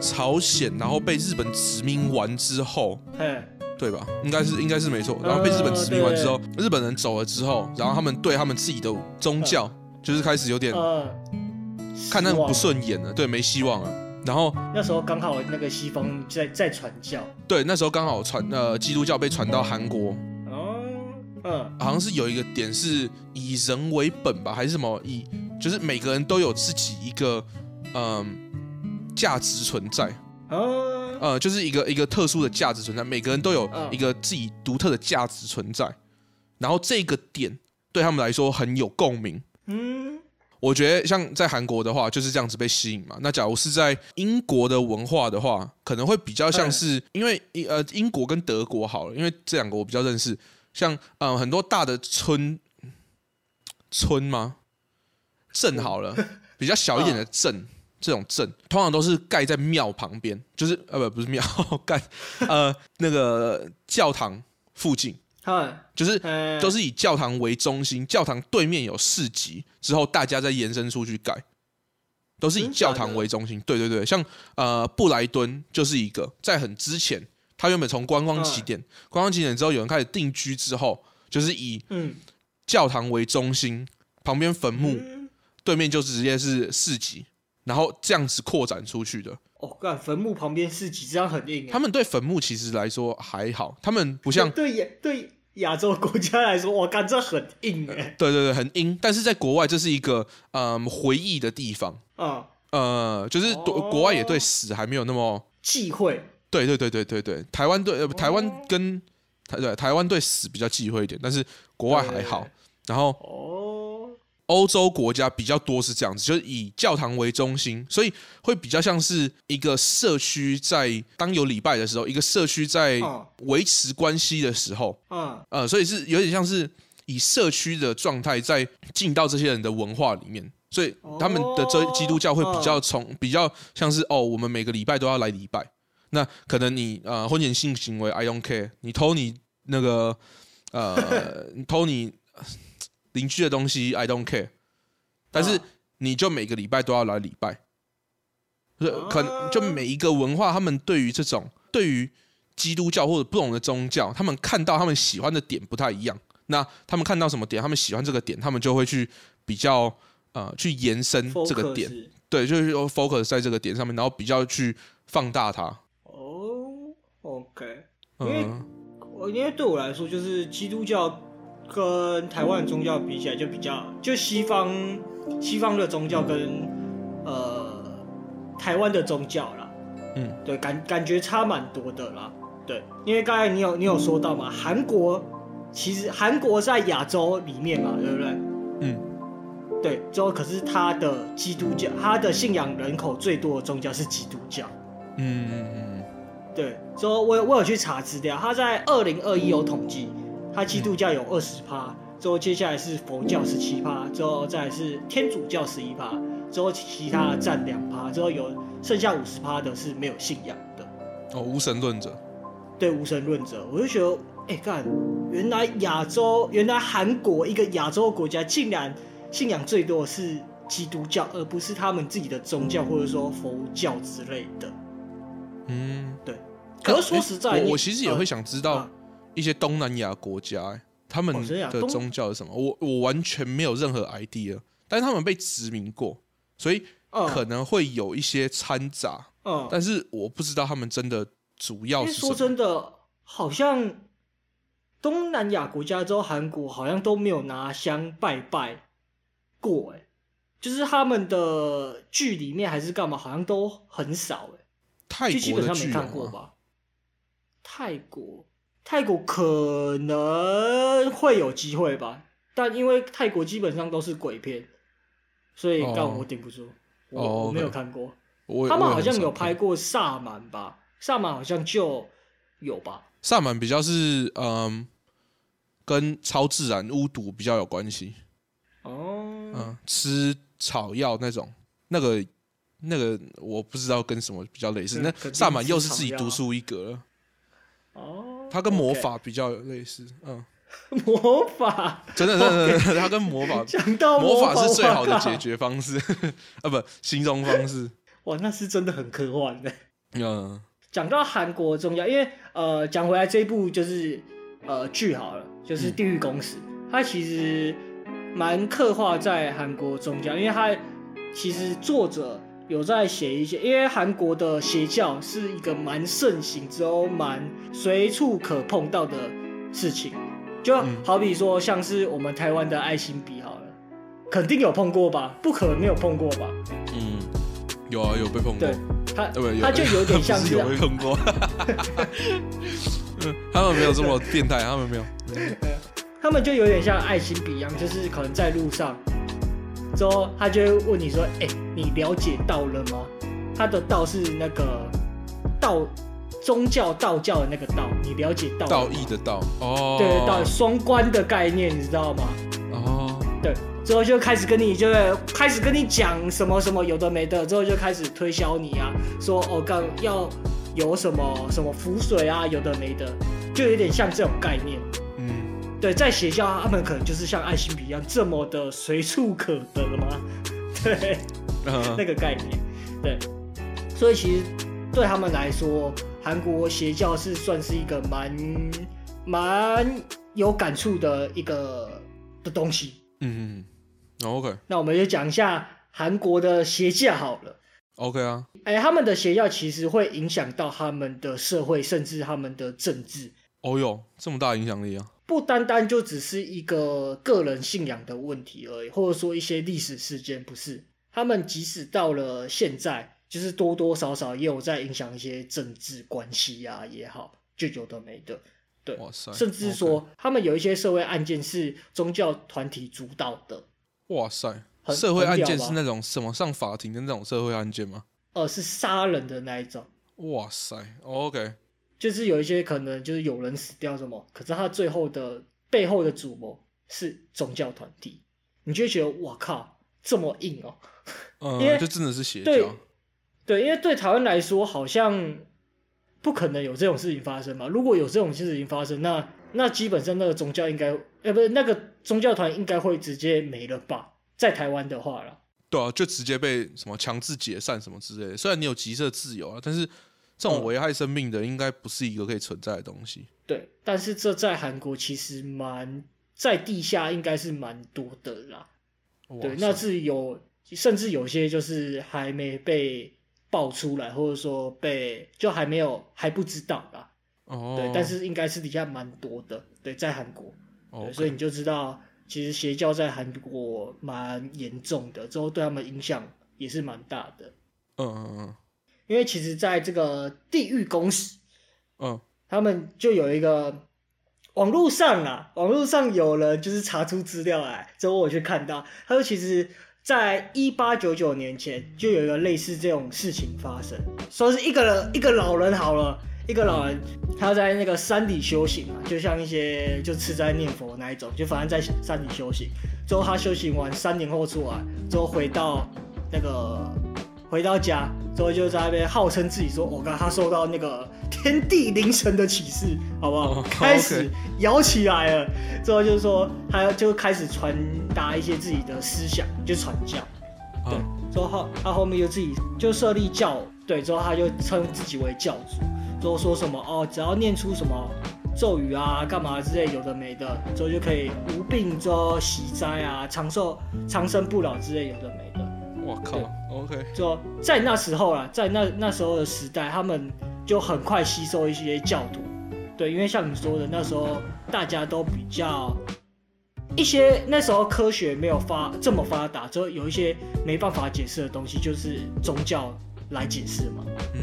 [SPEAKER 2] 朝鮮，然後被日本殖民完之後，對吧？應該是應該是沒錯。然後被日本殖民完之後，日本人走了之後，然後他們對他們自己的宗教就是開始有點看那個不順眼了，對，沒希望了。然後
[SPEAKER 1] 那時候剛好那個西方在在傳教，
[SPEAKER 2] 對，那時候剛好傳呃基督教被傳到韓國。哦，嗯，好像是有一個點是以人為本吧，還是什麼？以就是每個人都有自己一個嗯、呃、價值存在。
[SPEAKER 1] 哦。
[SPEAKER 2] Oh. 呃，就是一個一個特殊的價值存在，每個人都有一個自己獨特的價值存在，oh. 然後這個點對他們來說很有共鳴。我覺得像在韓國的話就是這樣子被吸引嘛。那假如是在英國的文化的話，可能會比較像是因為呃，英國跟德國好了，因為這兩個我比較認識。像嗯、呃，很多大的村村嗎？鎮好了，比較小一點的鎮， <laughs> 這種鎮通常都是蓋在廟旁邊，就是呃不不是廟蓋 <laughs> 呃那個教堂附近。 <noise> 就是
[SPEAKER 1] 都、就是
[SPEAKER 2] 以教堂為中心，教堂對面有市集，之後大家再延伸出去蓋，都是以教堂為中心。對對對，像呃布萊頓就是一個，在很之前，他原本從觀光起點， <noise> 觀光起點之後有人開始定居之後，就是以教堂為中心，旁邊墳墓， <noise> 對面就直接是市集，然後這樣子擴展出去的。
[SPEAKER 1] 哦，看墳墓旁邊市集，這樣很硬。他
[SPEAKER 2] 們對墳墓其實來說還好，他們不像對
[SPEAKER 1] 對。對對亞洲國家來說，我看這很硬。
[SPEAKER 2] 欸嗯、對對對，很硬。但是在國外，這是一個嗯、呃、回憶的地方。嗯，呃，就是對、哦、國外也對死還沒有那麼忌諱。對對對對對對，台灣對、哦、台灣跟台對台灣對死比較忌諱一點，但是國外還好。對對對，然後。哦歐洲國家比較多是這樣子，就是以教堂為中心，所以會比較像是一個社區。在當有禮拜的時候，一個社區在維持關係的時候，嗯、uh. 呃，所以是有點像是以社區的狀態在進到這些人的文化裡面，所以他們的這基督教會比較從、uh. 比較像是哦，我們每個禮拜都要來禮拜，那可能你呃婚前性行為，I don't care，你偷你那個呃，你偷你。 <laughs> 鄰居的東西，I don't care。但是你就每個禮拜都要來禮拜，就、啊、可能就每一個文化，他們對於這種對於基督教或者不同的宗教，他們看到他們喜歡的點不太一樣。那他們看到什麼點，他們喜歡這個點，他們就會去比較，呃，去延伸這個點，Focus. 對，就是 focus 在這個點上面，然後比較去放大它。哦、
[SPEAKER 1] oh，OK，嗯，因為對我來說就是基督教。跟台灣的宗教比起來，就比較就西方西方的宗教跟呃台灣的宗教啦，嗯，對，感感覺差蠻多的啦，對，因為剛才你有你有說到嘛，韓國其實韓國在亞洲裡面嘛，對不對？嗯，對，說可是他的基督教，他的信仰人口最多的宗教是基督教，嗯嗯嗯，對，所以我我有去查資料，他在二零二一有統計。嗯嗯他基督教有二十趴，之後接下來是佛教十七趴，之後再是天主教十一趴，之後其他佔兩趴，之後有剩下五十趴的是沒有信仰的哦，無神論者。對，無神論者，我就覺得，哎、欸，看，原來亞洲，原來韓國一個亞洲國家，竟然信仰最多的是基督教，而不是他們自己的宗教，或者說佛教之類的。嗯，對。可是說實在，啊欸、我我其實也會想
[SPEAKER 2] 知道、呃。啊一些東南亞國家、欸，他們的宗教是什麼？哦、我我完全沒有任何 idea。但是他們被殖民過，所以可能會有一些摻雜。嗯嗯、但是我不知道他們真的主要是什麼。說真
[SPEAKER 1] 的，好像東南亞國家，之後，韓國好像都沒有拿香拜拜過、欸。哎，就是他們的劇裡面還是幹嘛？好像都很少、欸。哎，泰國劇、啊？基本上沒看過吧？泰國。泰國可能會有機會吧，但因為泰國基本上都是鬼片，所以但我頂不住。
[SPEAKER 2] 我沒有看過。也他們好像有拍
[SPEAKER 1] 過薩滿吧？薩滿好像就有吧？
[SPEAKER 2] 薩滿比較是嗯，跟超自然巫毒比較有關係。哦
[SPEAKER 1] ，oh.
[SPEAKER 2] 嗯，吃草藥那種，那個那個我不知道跟什麼比較類似。那、嗯、薩滿又是自己讀書一格了。哦、啊。他跟魔法比較有類似，Okay.
[SPEAKER 1] 嗯，魔法真的真的，Okay. <laughs> 他跟魔法講到魔法，啊，魔法是最好的解
[SPEAKER 2] 決方式 <laughs> 啊，不，形容方式
[SPEAKER 1] 哇，那是真的很科幻的。嗯，講到韓國宗教，因為呃，講回來這一部就是呃劇好了，就是地公《地獄公使》，它其實蠻刻畫在韓國宗教，因為它其實作者。有在寫一些，因為韓國的邪教是一個蠻盛行，之後蠻隨處可碰到的事情。就好比說，像是我們台灣的愛心筆，好了，肯定有碰過吧？不可能沒有碰過吧？嗯，
[SPEAKER 2] 有啊，有被碰過。對他，對、欸，他就有點像是。是有被碰過。 <laughs> <laughs> 他們沒有這麼變態，他們沒有。嗯、
[SPEAKER 1] 他們就有點像愛心筆一樣，就是可能在路上。之後，他就會問你說：“欸、你了解道了嗎？他的道是那個道宗教，道教的那個道，你了解道了道義
[SPEAKER 2] 的道哦，對道，道
[SPEAKER 1] 雙關的概念，你知道嗎？哦，對。之後就開始跟你、就是，就開始跟你講什麼什麼有的沒的，之後就開始推銷你啊，說哦，剛要有什麼什麼符水啊，有的沒的，就有點像這種概念。對，在邪教，他們可能就是像愛心筆一樣這麼的隨處可得嗎？對，啊、 <laughs> 那個概念，對，所以其實對他們來說，韓國邪教是算是一個蠻蠻有感觸的一個的東西。嗯嗯，那、哦、OK，那我們就講一下韓國的邪教好
[SPEAKER 2] 了。OK 啊，
[SPEAKER 1] 哎，他們的邪教其實會影響到他們的社會，甚至他們的政治。
[SPEAKER 2] 哦喲，這麼大的影響力啊！
[SPEAKER 1] 不單單就只是一個個人信仰的問題而已，或者說一些歷史事件，不是？他們即使到了現在，就是多多少少也有在影響一些政治關係呀、啊、也好，就有的沒的。對，哇塞，甚至說，okay，他們有一些社會案件是宗教團體主導的。哇塞，很，社會案件是那
[SPEAKER 2] 種什麼上法庭的那種社會案件
[SPEAKER 1] 嗎？呃，是殺人的那一種。哇塞，OK。就是有一些可能，就是有人死掉什麼，可是他最後的背後的主謀是宗教團體，你就覺得我靠，這麼硬哦、喔，嗯，
[SPEAKER 2] <laughs> 為就真的是邪教，對，
[SPEAKER 1] 對，因為對台灣來說好像不可能有這種事情發生嘛。如果有這種事情發生，那那基本上那個宗教應該，呃、欸，不是那個宗教團應該會直接沒了吧？在台灣的話了，
[SPEAKER 2] 對啊，就直接被什麼強制解散什麼之類的。雖然你有結社自由啊，但是。這種危害生命的應該不是一個可以存在的東西。
[SPEAKER 1] 對，但是這在韓國其實蠻在地下，應該是蠻多的啦。哇塞。對，那是有，甚至有些就是還沒被爆出來，或者說被就還沒有還不知道啦。哦。對，但是應該是底下蠻多的。對，在韓國，對，哦，okay，所以你就知道，其實邪教在韓國蠻嚴重的，之後對他們影響也是蠻大的。嗯嗯
[SPEAKER 2] 嗯。
[SPEAKER 1] 因為其實，在這個地獄公使，嗯，他們就有一個網絡上啊，網絡上有人就是查出資料來，之後我去看到，他說其實在一八九九年前就有一個類似這種事情發生，說是一個人一個老人，好了一個老人，他在那個山裡修行嘛，啊，就像一些就吃齋念佛那一種，就反正在山裡修行，之後他修行完三年後出來，之後回到那個。回到家之後就在那邊號稱自己說，我、哦、剛他受到那個天地靈神的啟示，好不好？Oh, okay. 開始搖起來了。之後就是說，他就開始傳達一些自己的思想，就傳教。對，oh. 之後他後面就自己就設立教，對。之後他就稱自己為教主，之後說什麼哦，只要念出什麼咒語啊、幹嘛之類，有的沒的，之後就可以無病之後息災啊、長壽、長生不老之類，有的沒。我靠對，OK，就在那時候啦，在那那時候的時代，他們就很快吸收一些教徒，對，因為像你說的，那時候大家都比較一些那時候科學沒有發這麼發達，就有一些沒辦法解釋的東西，就是宗教來解釋嘛，嗯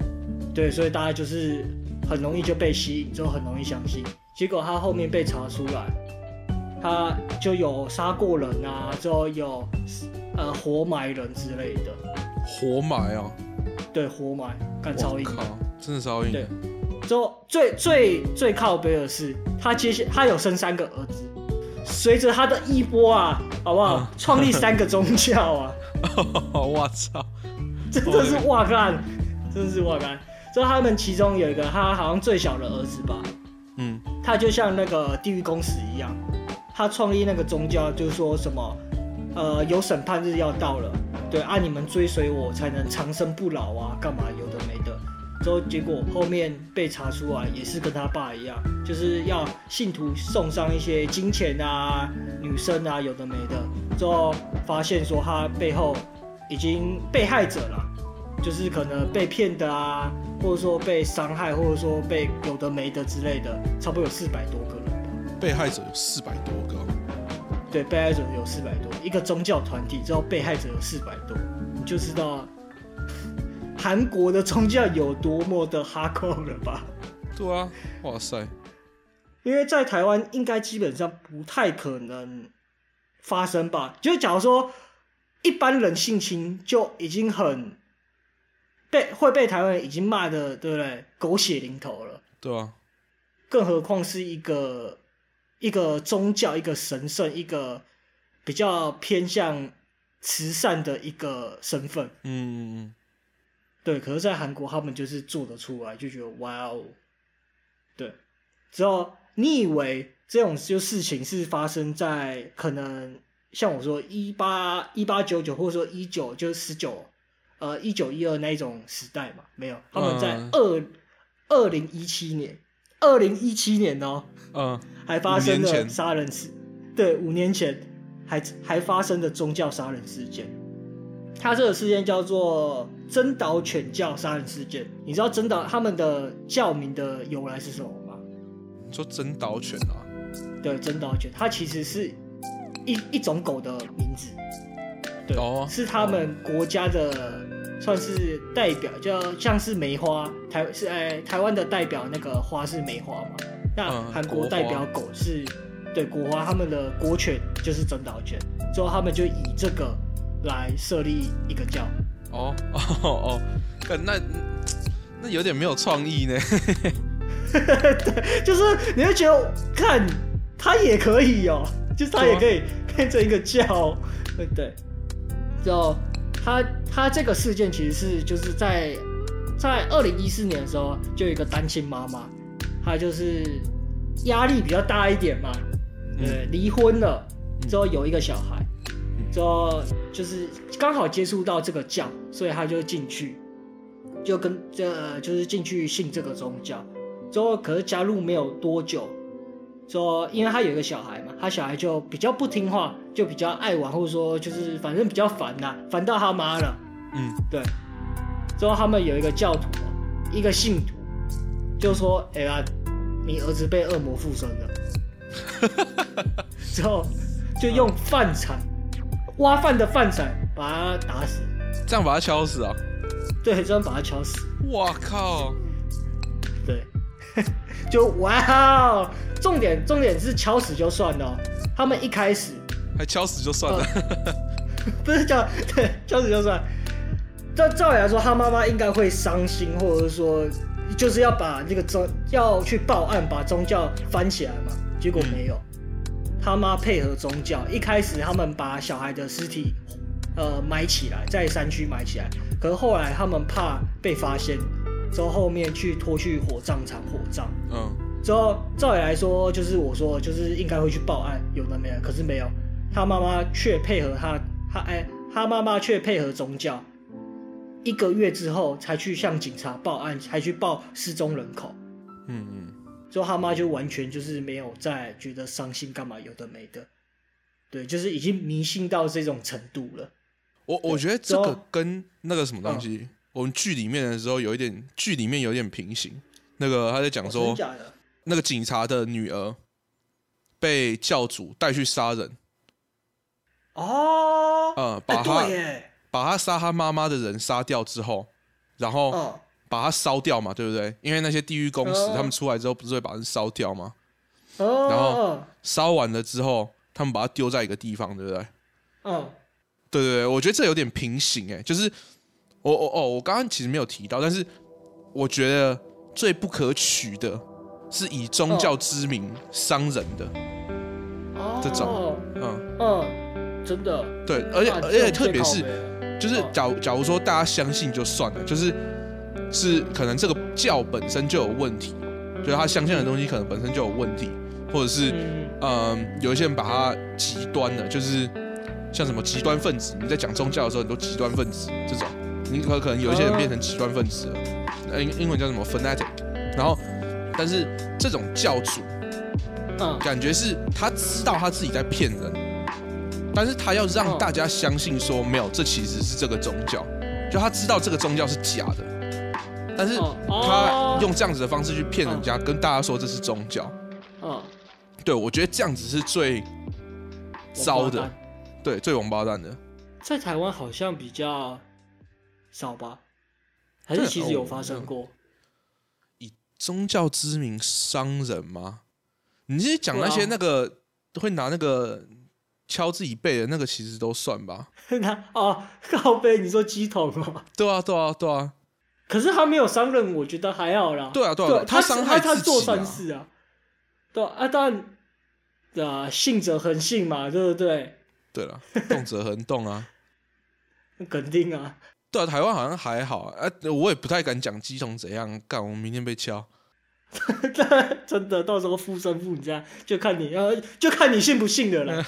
[SPEAKER 1] 嗯嗯，對，所以大家就是很容易就被吸引，之後很容易相信，結果他後面被查出來，他就有殺過人啊，之後有。呃，活埋人之類的，
[SPEAKER 2] 活埋啊？
[SPEAKER 1] 對，活埋幹超硬，
[SPEAKER 2] 真的超硬。對，
[SPEAKER 1] 就最最最靠北的是他，接下他有生三個兒子，隨着他的一波啊，好不好？創、啊、立三個宗教啊！我 <laughs> 操，真的是哇幹，真的是哇幹。就 <laughs> 他們其中有一個，他好像最小的兒子吧？嗯，他就像那個地獄公使一樣，他創立那個宗教就是說什麼？呃，有審判日要到了，對，啊，你們追隨我才能長生不老啊，幹嘛有的沒的。之後結果後面被查出來也是跟他爸一樣，就是要信徒送上一些金錢啊、女生啊，有的沒的。之後發現說他背後已經被害者了，就是可能被騙的啊，或者說被傷害，或者說被有的沒的之類的，差不多有四百多個人吧。被害者有四百多個。對，被害者有四百多，一個宗教團體，之後被害者有四百多，你就知道韓國的宗教有多麼的 hardcore 了吧？對啊，哇塞！因為在台灣應該基本上不太可能發生吧？就是假如說一般人性侵就已經很被會被台灣人已經罵的，對不對？狗血淋頭了。對啊，更何況是一個。一個宗教，一個神聖，一個比較偏向慈善的一個身份，嗯，對。可是，在韓國，他們就是做得出來，就覺得哇哦，對。之後，你以為這種就事情是發生在可能像我說一八一八九九，或者說一九就是十九，呃，一九一二那一種時代嘛？沒有，他們在二二零一七年，二零一七年哦。嗯，還發生了殺人事，對，五年前還還發生的宗教殺人事件。他這個事件叫做真島犬教殺人事件。你知道真島他們的教名的由來是什麼嗎？你說真島犬啊？對，真島犬，它其實是一一種狗的名字。對，哦、是他們國家的，算是代表，叫、哦、像是梅花，台是哎，台灣的代表那個花是梅花嘛。那韓國代表狗是，嗯、國對國華他們的國犬就是珍島犬，之後他們就以這個來設立一個教。哦
[SPEAKER 2] 哦哦，哦哦那那有點沒有創意呢。 <laughs> <laughs> 對，
[SPEAKER 1] 就是你會覺得看它，也可以哦、喔，就是它也可以變成一個教。對、啊、對，對？然後他他這個事件其實是就是在在二零一四年的時候，就有一個單親媽媽。他就是壓力比較大一點嘛，呃，離婚了之後有一個小孩，之後就是剛好接觸到這個教，所以他就進去，就跟這就是進去信這個宗教。之後可是加入沒有多久，之後因為他有一個小孩嘛，他小孩就比較不聽話，就比較愛玩，或者說就是反正比較煩吶，煩到他媽了。嗯，對。之後他們有一個教徒，一個信徒。就說：“哎、欸、呀，你兒子被惡魔附身了。” <laughs> 之後就用飯鏟、啊、挖飯的飯鏟把他打死，這樣把他敲死啊、哦？對，這樣把他敲死。
[SPEAKER 2] 哇靠！
[SPEAKER 1] 對， <laughs> 就哇、哦！重點重點是敲死就算了、哦。他們一開始
[SPEAKER 2] 還敲死就算了，
[SPEAKER 1] 啊、不是叫敲死就算了。但照理來說，他媽媽應該會傷心，或者是說。就是要把那個宗要去報案，把宗教翻起來嘛，結果沒有。他媽配合宗教，一開始他們把小孩的屍體，呃，埋起來，在山區埋起來。可是後來他們怕被發現，之後後面去拖去火葬場火葬。嗯。之後照理來說，就是我說，就是應該會去報案，有的沒有，可是沒有。他媽媽卻配合他，他哎，他媽媽卻配合宗教。一個月之後才去向警察報案，才去報失蹤人口。嗯嗯，之、嗯、後他媽就完全就是沒有再覺得傷心幹嘛，有的沒的。對，就是已經迷信到這種程度了。我我覺得這個
[SPEAKER 2] 跟那個什麼東西，嗯、我們劇裡面的時候有一點，劇裡面有一點平行。那個他在講說，哦、那個警察的女兒被教主帶去殺人。
[SPEAKER 1] 哦，嗯，
[SPEAKER 2] 欸、把他、欸把他殺他媽媽的人殺掉之後，然後把他燒掉嘛，對不對？因為那些地獄公使、呃、他們出來之後不是會把人燒掉嗎？
[SPEAKER 1] 哦、呃，然後
[SPEAKER 2] 燒完了之後，他們把他丟在一個地方，對不對？嗯、呃，對對對，我覺得這有點平行哎、欸，就是我、哦哦、我我剛剛其實沒有提到，但是我覺得最不可取的是以宗教之名傷人的
[SPEAKER 1] 哦，呃、這種嗯嗯，呃呃、真的
[SPEAKER 2] 對，而且而且特別是。就是假如假如說大家相信就算了，就是是可能這個教本身就有問題，就是他相信的東西可能本身就有問題，或者是嗯有一些人把它極端了，就是像什麼極端分子，你在講宗教的時候很多極端分子這種，你可可能有一些人變成極端分子了，英、uh huh. 英文叫什麼 fanatic，然後但是這種教主，嗯，感覺是他知道他自己在騙人。但是他要讓大家相信說、哦、沒有，這其實是這個宗教，就他知道這個宗教是假的，但是他用這樣子的方式去騙人家，哦、跟大家說這是宗教。嗯、哦、對，我覺得這樣子是最糟的，對，最王八蛋的。
[SPEAKER 1] 在台灣好像比較少吧，
[SPEAKER 2] 還是其實有發生過？嗯、以宗教之名傷人嗎？你是講那些那個、啊、都會拿那個？敲自己背的那個其實都算吧。
[SPEAKER 1] 那、啊、哦，敲背你說乩童哦、啊？對啊對啊對啊。可是他沒有傷人，我覺得還好啦。對啊對啊，他傷害他做善事啊。對啊，但對啊，信、啊啊啊啊啊、者恆信嘛，對不對？
[SPEAKER 2] 對啦，動者恆動啊，那肯定啊。對啊，台灣好像還好、啊，哎、啊，我也不太敢講乩童怎樣，幹我們明天被敲。
[SPEAKER 1] <laughs> 真的，到時候附身附你這樣，就看你要，就看你信不信的了。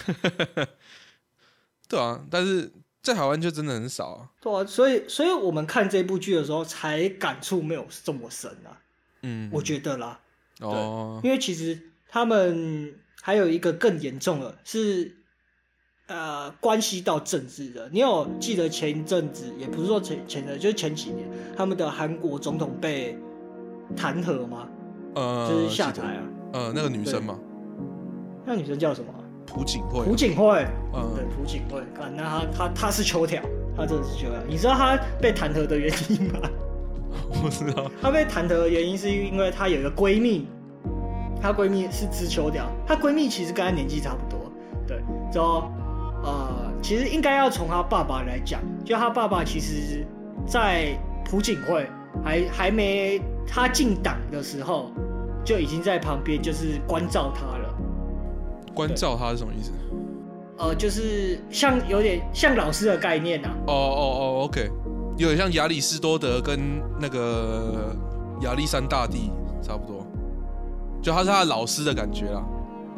[SPEAKER 2] <laughs> 對啊，但是在台灣就真的很少啊。
[SPEAKER 1] 對啊，所以所以我們看這部劇的時候才感觸沒有這麼深啊。嗯，
[SPEAKER 2] 我覺得啦。哦，因
[SPEAKER 1] 為其實他們還有一個更嚴重的是呃關係到政治的。你有記得前一陣子，也不是說前前的，就是前幾年，他們的韓國總統被彈劾嗎？
[SPEAKER 2] 呃，就是下台啊，呃，那個女生嘛，
[SPEAKER 1] 那女生叫什麼啊？
[SPEAKER 2] 朴槿惠。朴槿
[SPEAKER 1] 惠，嗯，對，朴槿惠。啊，那她她她是秋條，她真的是秋條。你知道她被彈劾的原因嗎？不知道。她被彈劾的原因是因為她有一個閨蜜，她閨蜜是知秋條，她閨蜜其實跟她年紀差不多，對。然後，呃，其實應該要從她爸爸來講，就她爸爸其實，在朴槿惠還還沒。他進黨的時候，就已經在旁邊就是關照他了。
[SPEAKER 2] 關照他是什麼意思？
[SPEAKER 1] 呃，就是像有點像老師的概念吶、啊。
[SPEAKER 2] 哦哦哦，OK，有點像亞里士多德跟那個亞歷山大帝差不多，就他是他的老師的感覺啦。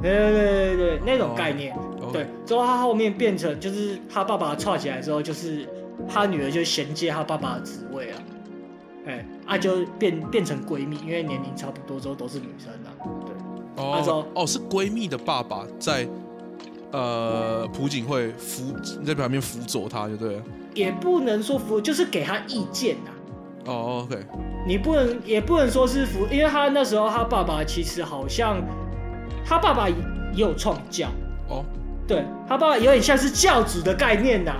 [SPEAKER 1] 對對對對，那種概念。Oh, okay. 對，之後他後面變成就是他爸爸串起來之後，就是他女兒就銜接他爸爸的職位啊。哎、欸，啊就變變成閨蜜，因為年齡差不多，之後都是女生啦、啊。對，oh, 他說，
[SPEAKER 2] 哦、oh, oh, 是閨蜜的爸爸在，嗯、呃對普警會輔你在旁邊輔佐他，就對了。
[SPEAKER 1] 也不能說輔，就是給他意見啊。哦、oh,，OK。你不能也不能說是輔，因為他那時候他爸爸其實好像，他爸爸也，也有創教哦，oh. 對，他爸爸有點像是教主的概念吶。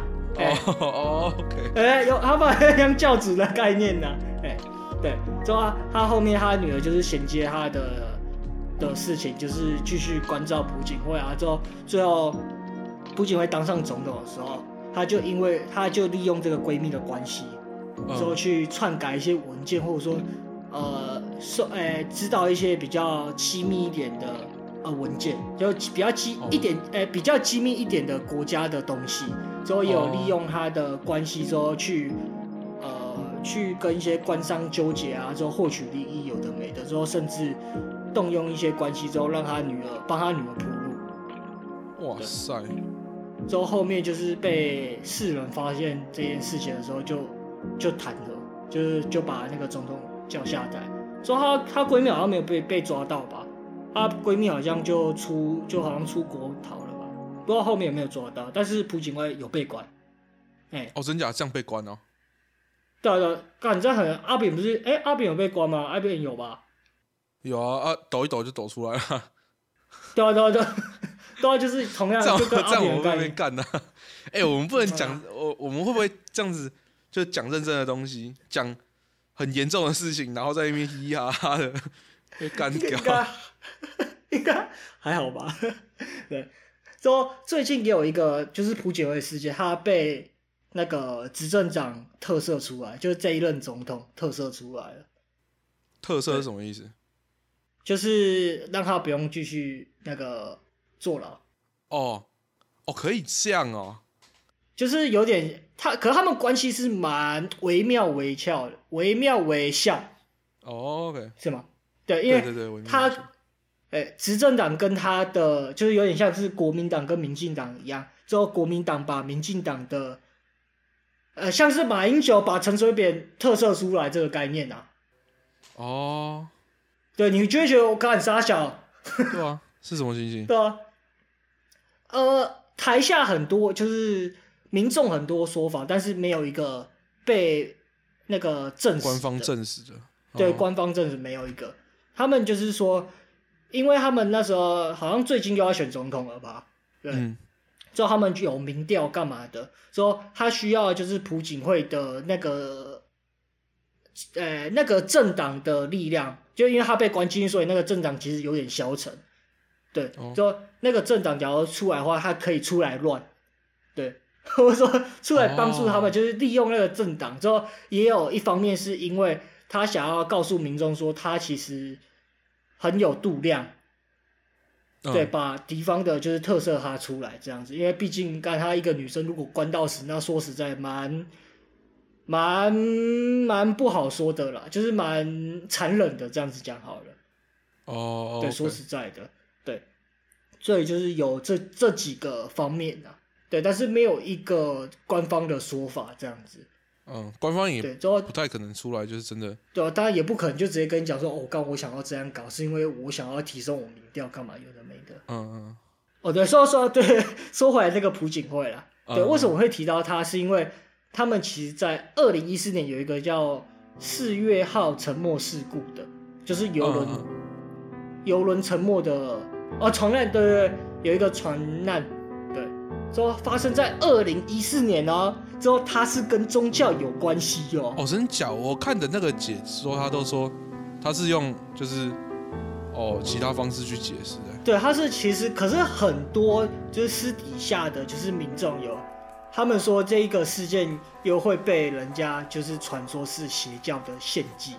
[SPEAKER 1] 哦，OK。哎，有他爸爸有點像教主的概念吶、啊。哎、欸，對，之後她後面，她女兒就是銜接她的的事情，就是繼續關照朴槿惠啊。之後最後，朴槿惠當上總統的時候，她就因為她就利用這個閨蜜的關係，之後去篡改一些文件，嗯、或者說，呃，說，哎、欸，知道一些比較親密一點的呃文件，就比較機、哦、一點，哎、欸，比較機密一點的國家的東西，之後也有利用她的關係，之後去。哦嗯去去跟一些官商糾結啊，之後獲取利益，有的沒的，之後甚至動用一些關係，之後讓他女兒幫他女兒鋪路。哇塞！之後後面就是被世人發現這件事情的時候就，就就談了，就是就把那個總統叫下台。之後他他閨蜜好像沒有被被抓到吧？他閨蜜好像就出就好像出國逃了吧？不知道後面有沒有抓到，但是朴槿惠有被關。哎，
[SPEAKER 2] 哦，欸、真假這樣被關哦、啊？
[SPEAKER 1] 對啊對啊，幹在很阿炳不是？哎、欸，阿炳有被關嗎？阿炳有吧？有啊，啊抖
[SPEAKER 2] 一抖就抖出來了。
[SPEAKER 1] 對啊對啊對啊，對啊，對啊，對啊就是同樣，這樣就在我們那邊
[SPEAKER 2] 幹的，啊。哎、欸，我們不能講， <laughs> 我我們會不會這樣子就講認真的、的東西，講很嚴重的事情，然後在那邊嘻嘻哈哈的被幹掉？應該
[SPEAKER 1] 還好吧？ <laughs> 對，說最近也有一個就是朴槿惠事件，他被。那個執政黨特赦出來，就是這一任總統特赦出來了。
[SPEAKER 2] 特赦是什麼意思？
[SPEAKER 1] 就是讓他不用繼續那個坐牢。哦，
[SPEAKER 2] 哦，可以這樣哦。
[SPEAKER 1] 就是有點他，可是他們關係是蠻惟妙惟肖的，惟妙惟肖。哦 OK，是嗎？對，因為對對對，他，哎、欸，執政黨跟他的就是有點像是國民黨跟民進黨一樣，最後國民黨把民進黨的。呃、像是馬英九把陳水扁特色出來這個概念啊哦，oh. 對，你覺得我幹殺小？對啊，是什麼心情？ <laughs> 對啊，呃，台下很多就是民眾很多說法，但是沒有一個被那個正式官
[SPEAKER 2] 方證實的，oh.
[SPEAKER 1] 對，官方證實沒有一個，他們就是說，因為他們那時候好像最近又要選總統了吧？對嗯。之後他們就有民調幹嘛的，說他需要就是朴槿惠的那個，呃、欸，那個政黨的力量。就因為他被關進去，所以那個政黨其實有點消沉。對，說、嗯、那個政黨假如出來的話，他可以出來亂。對，我說出來幫助他們，就是利用那個政黨。之後、哦、也有一方面是因為他想要告訴民眾說，他其實很有度量。對，把敵方的就是特色哈出來這樣子，因為畢竟剛才他一個女生如果關到死，那說實在蠻蠻蠻不好說的啦，就是蠻殘忍的這樣子講好了。哦，oh, okay. 對，說實在的，對，所以就是有這這幾個方面的啊，對，但是沒有一個官方的說法這樣子。嗯，官方也對，
[SPEAKER 2] 不太可能出來，對就是真的。
[SPEAKER 1] 對啊，當然也不可能就直接跟你講說，我、哦、幹我想要這樣搞，是因為我想要提升我民調，幹嘛有的沒的。嗯嗯。嗯哦對，說說對，說回來那個朴槿惠啦，對，嗯、為什麼我會提到他，是因為他們其實，在二零一四年有一個叫“四月號沉沒事故”的，就是遊輪遊、嗯、輪沉沒的哦，船難對對，有一個船難。說發生在二零一四年哦、喔，之後他是跟宗教有關係喲、喔。哦，真
[SPEAKER 2] 假？我看的那個解說，他都說他是用就是哦其他方式去解釋的、
[SPEAKER 1] 欸。對，他是其實可是很多就是私底下的就是民眾有，他們說這一個事件又會被人家就是傳說是邪教的獻祭，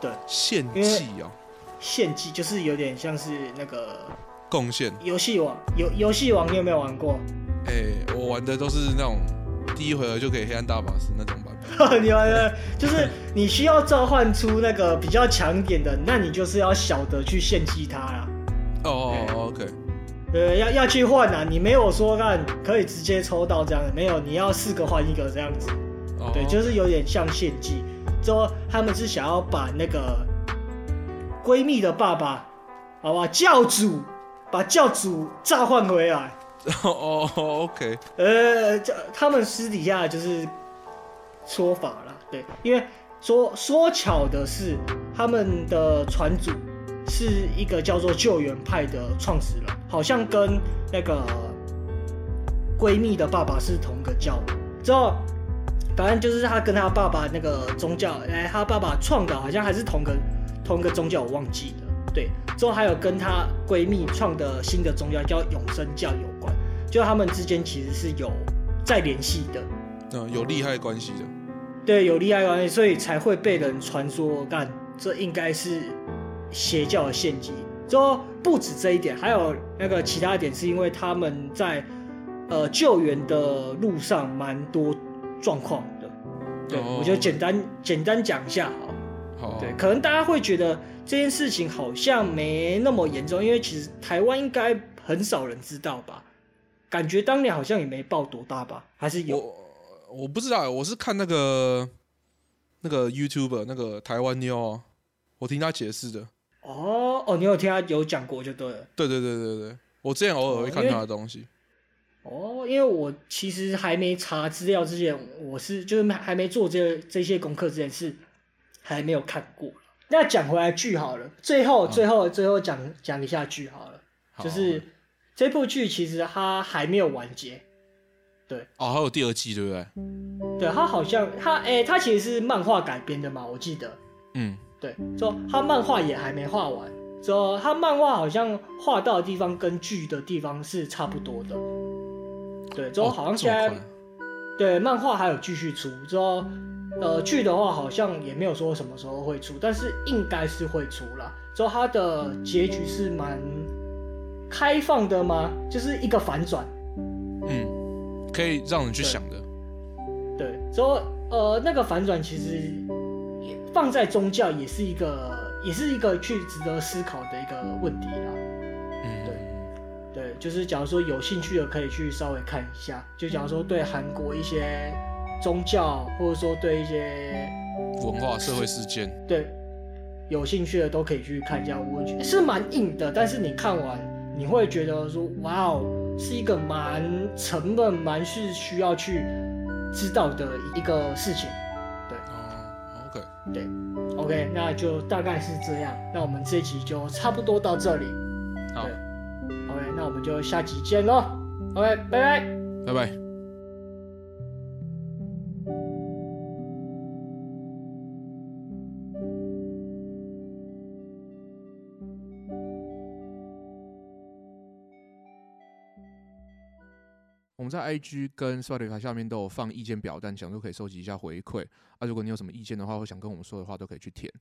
[SPEAKER 1] 對，獻祭哦、喔，獻祭就是有點像是那個。貢獻遊戲王，遊遊戲王你有沒有玩過？
[SPEAKER 2] 哎、欸，我玩的都是那種第一回合就可以黑暗大法師那種版
[SPEAKER 1] 本。 <laughs> 你玩的，就是你需要召喚出那個比較強點的， <laughs> 那你就是要小的去獻祭他啦。
[SPEAKER 2] 哦、oh,，OK，、欸、
[SPEAKER 1] 對，要要去換吶、啊，你沒有說看可以直接抽到這樣的，沒有，你要四個換一個這樣子。Oh. 對，就是有點像獻祭，就他們是想要把那個閨蜜的爸爸，好吧，教主。把教主召喚回來。哦、oh,，OK，呃，這他們私底下就是說法啦，對，因為說說巧的是，他們的船主是一個叫做救援派的創始人，好像跟那個閨蜜的爸爸是同個教。之後，反正就是他跟他爸爸那個宗教，哎、欸，他爸爸創的好像還是同個同一個宗教，我忘記了。對，之後還有跟她閨蜜創的新的宗教叫永生教有關，就他們之間其實是有在聯繫的，嗯，
[SPEAKER 2] 有利害關係的，
[SPEAKER 1] 對，有利害關係，所以才會被人傳說，幹這應該是邪教的陷阱。之後不止這一點，還有那個其他一點，是因為他們在、嗯、呃救援的路上蠻多狀況的，
[SPEAKER 2] 對，哦哦哦我就簡
[SPEAKER 1] 單簡單講一下，好，好哦、對，可能大家會覺得，這件事情好像沒那麼嚴重，因為其實台灣應該很少人知道吧？感覺當年好像也沒爆多大吧？還是有？我，我不知道，我是看那個
[SPEAKER 2] 那個 YouTuber 那個台灣妞哦。我聽他解釋的。
[SPEAKER 1] 哦哦，你有聽他有講過就對了。
[SPEAKER 2] 對對對對對，我之前偶爾會看他的東西
[SPEAKER 1] 哦。哦，因為我其實還沒查資料之前，我是就是還沒做這這些功課之前是還沒有看過。那講回來劇好了，最後最後、哦、最後講講一下劇好了，好，就是這部劇其實它還沒有完結，對
[SPEAKER 2] 哦，還有第二季對不對？
[SPEAKER 1] 對，它好像它哎、欸，它其實是漫畫改編的嘛，我記得，嗯，對，之後它漫畫也還沒畫完，之後它漫畫好像畫到的地方跟劇的地方是差不多的，對，之後好像現在、哦、對漫畫還有繼續出，之後呃，劇的話好像也沒有說什麼時候會出，但是應該是會出了。之後它的結局是蠻開放的嗎？就是一個反轉，嗯，
[SPEAKER 2] 可以讓人去想的
[SPEAKER 1] 對。對，所以呃，那個反轉其實放在宗教也是一個，也是一個去值得思考的一個問題啦。嗯，對，對，就是假如說有興趣的可以去稍微看一下，就假如說對韓國一些。宗教，或者說對一些
[SPEAKER 2] 文化、社會事件，
[SPEAKER 1] 對有興趣的都可以去看一下。我覺得是蠻硬的，但是你看完，你會覺得說，哇，哦，是一個蠻沉悶、蠻是需要去知道的一個事情。對，哦、嗯，OK，對，OK，那就大概是這樣。那我們這集就差不多到這裡。好對，OK，那我們就下集見嘍。OK，拜拜，
[SPEAKER 2] 拜拜。我們在 IG 跟 Spotify 下面都有放意見表單，但想都可以收集一下回饋。啊，如果你有什麼意見的話，或想跟我們說的話，都可以去填。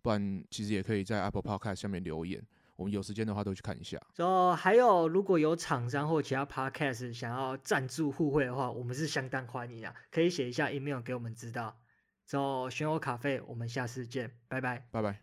[SPEAKER 2] 不然，其實也可以在 Apple Podcast 下面留言。我們有時間的話，都去看一下。
[SPEAKER 1] 後、so, 還有，如果有廠商或其他 Podcast 想要贊助互惠的話，我們是相當歡迎的、啊，可以寫一下 email 給我們知道。然後選我卡費，我們下次見，拜拜，
[SPEAKER 2] 拜拜。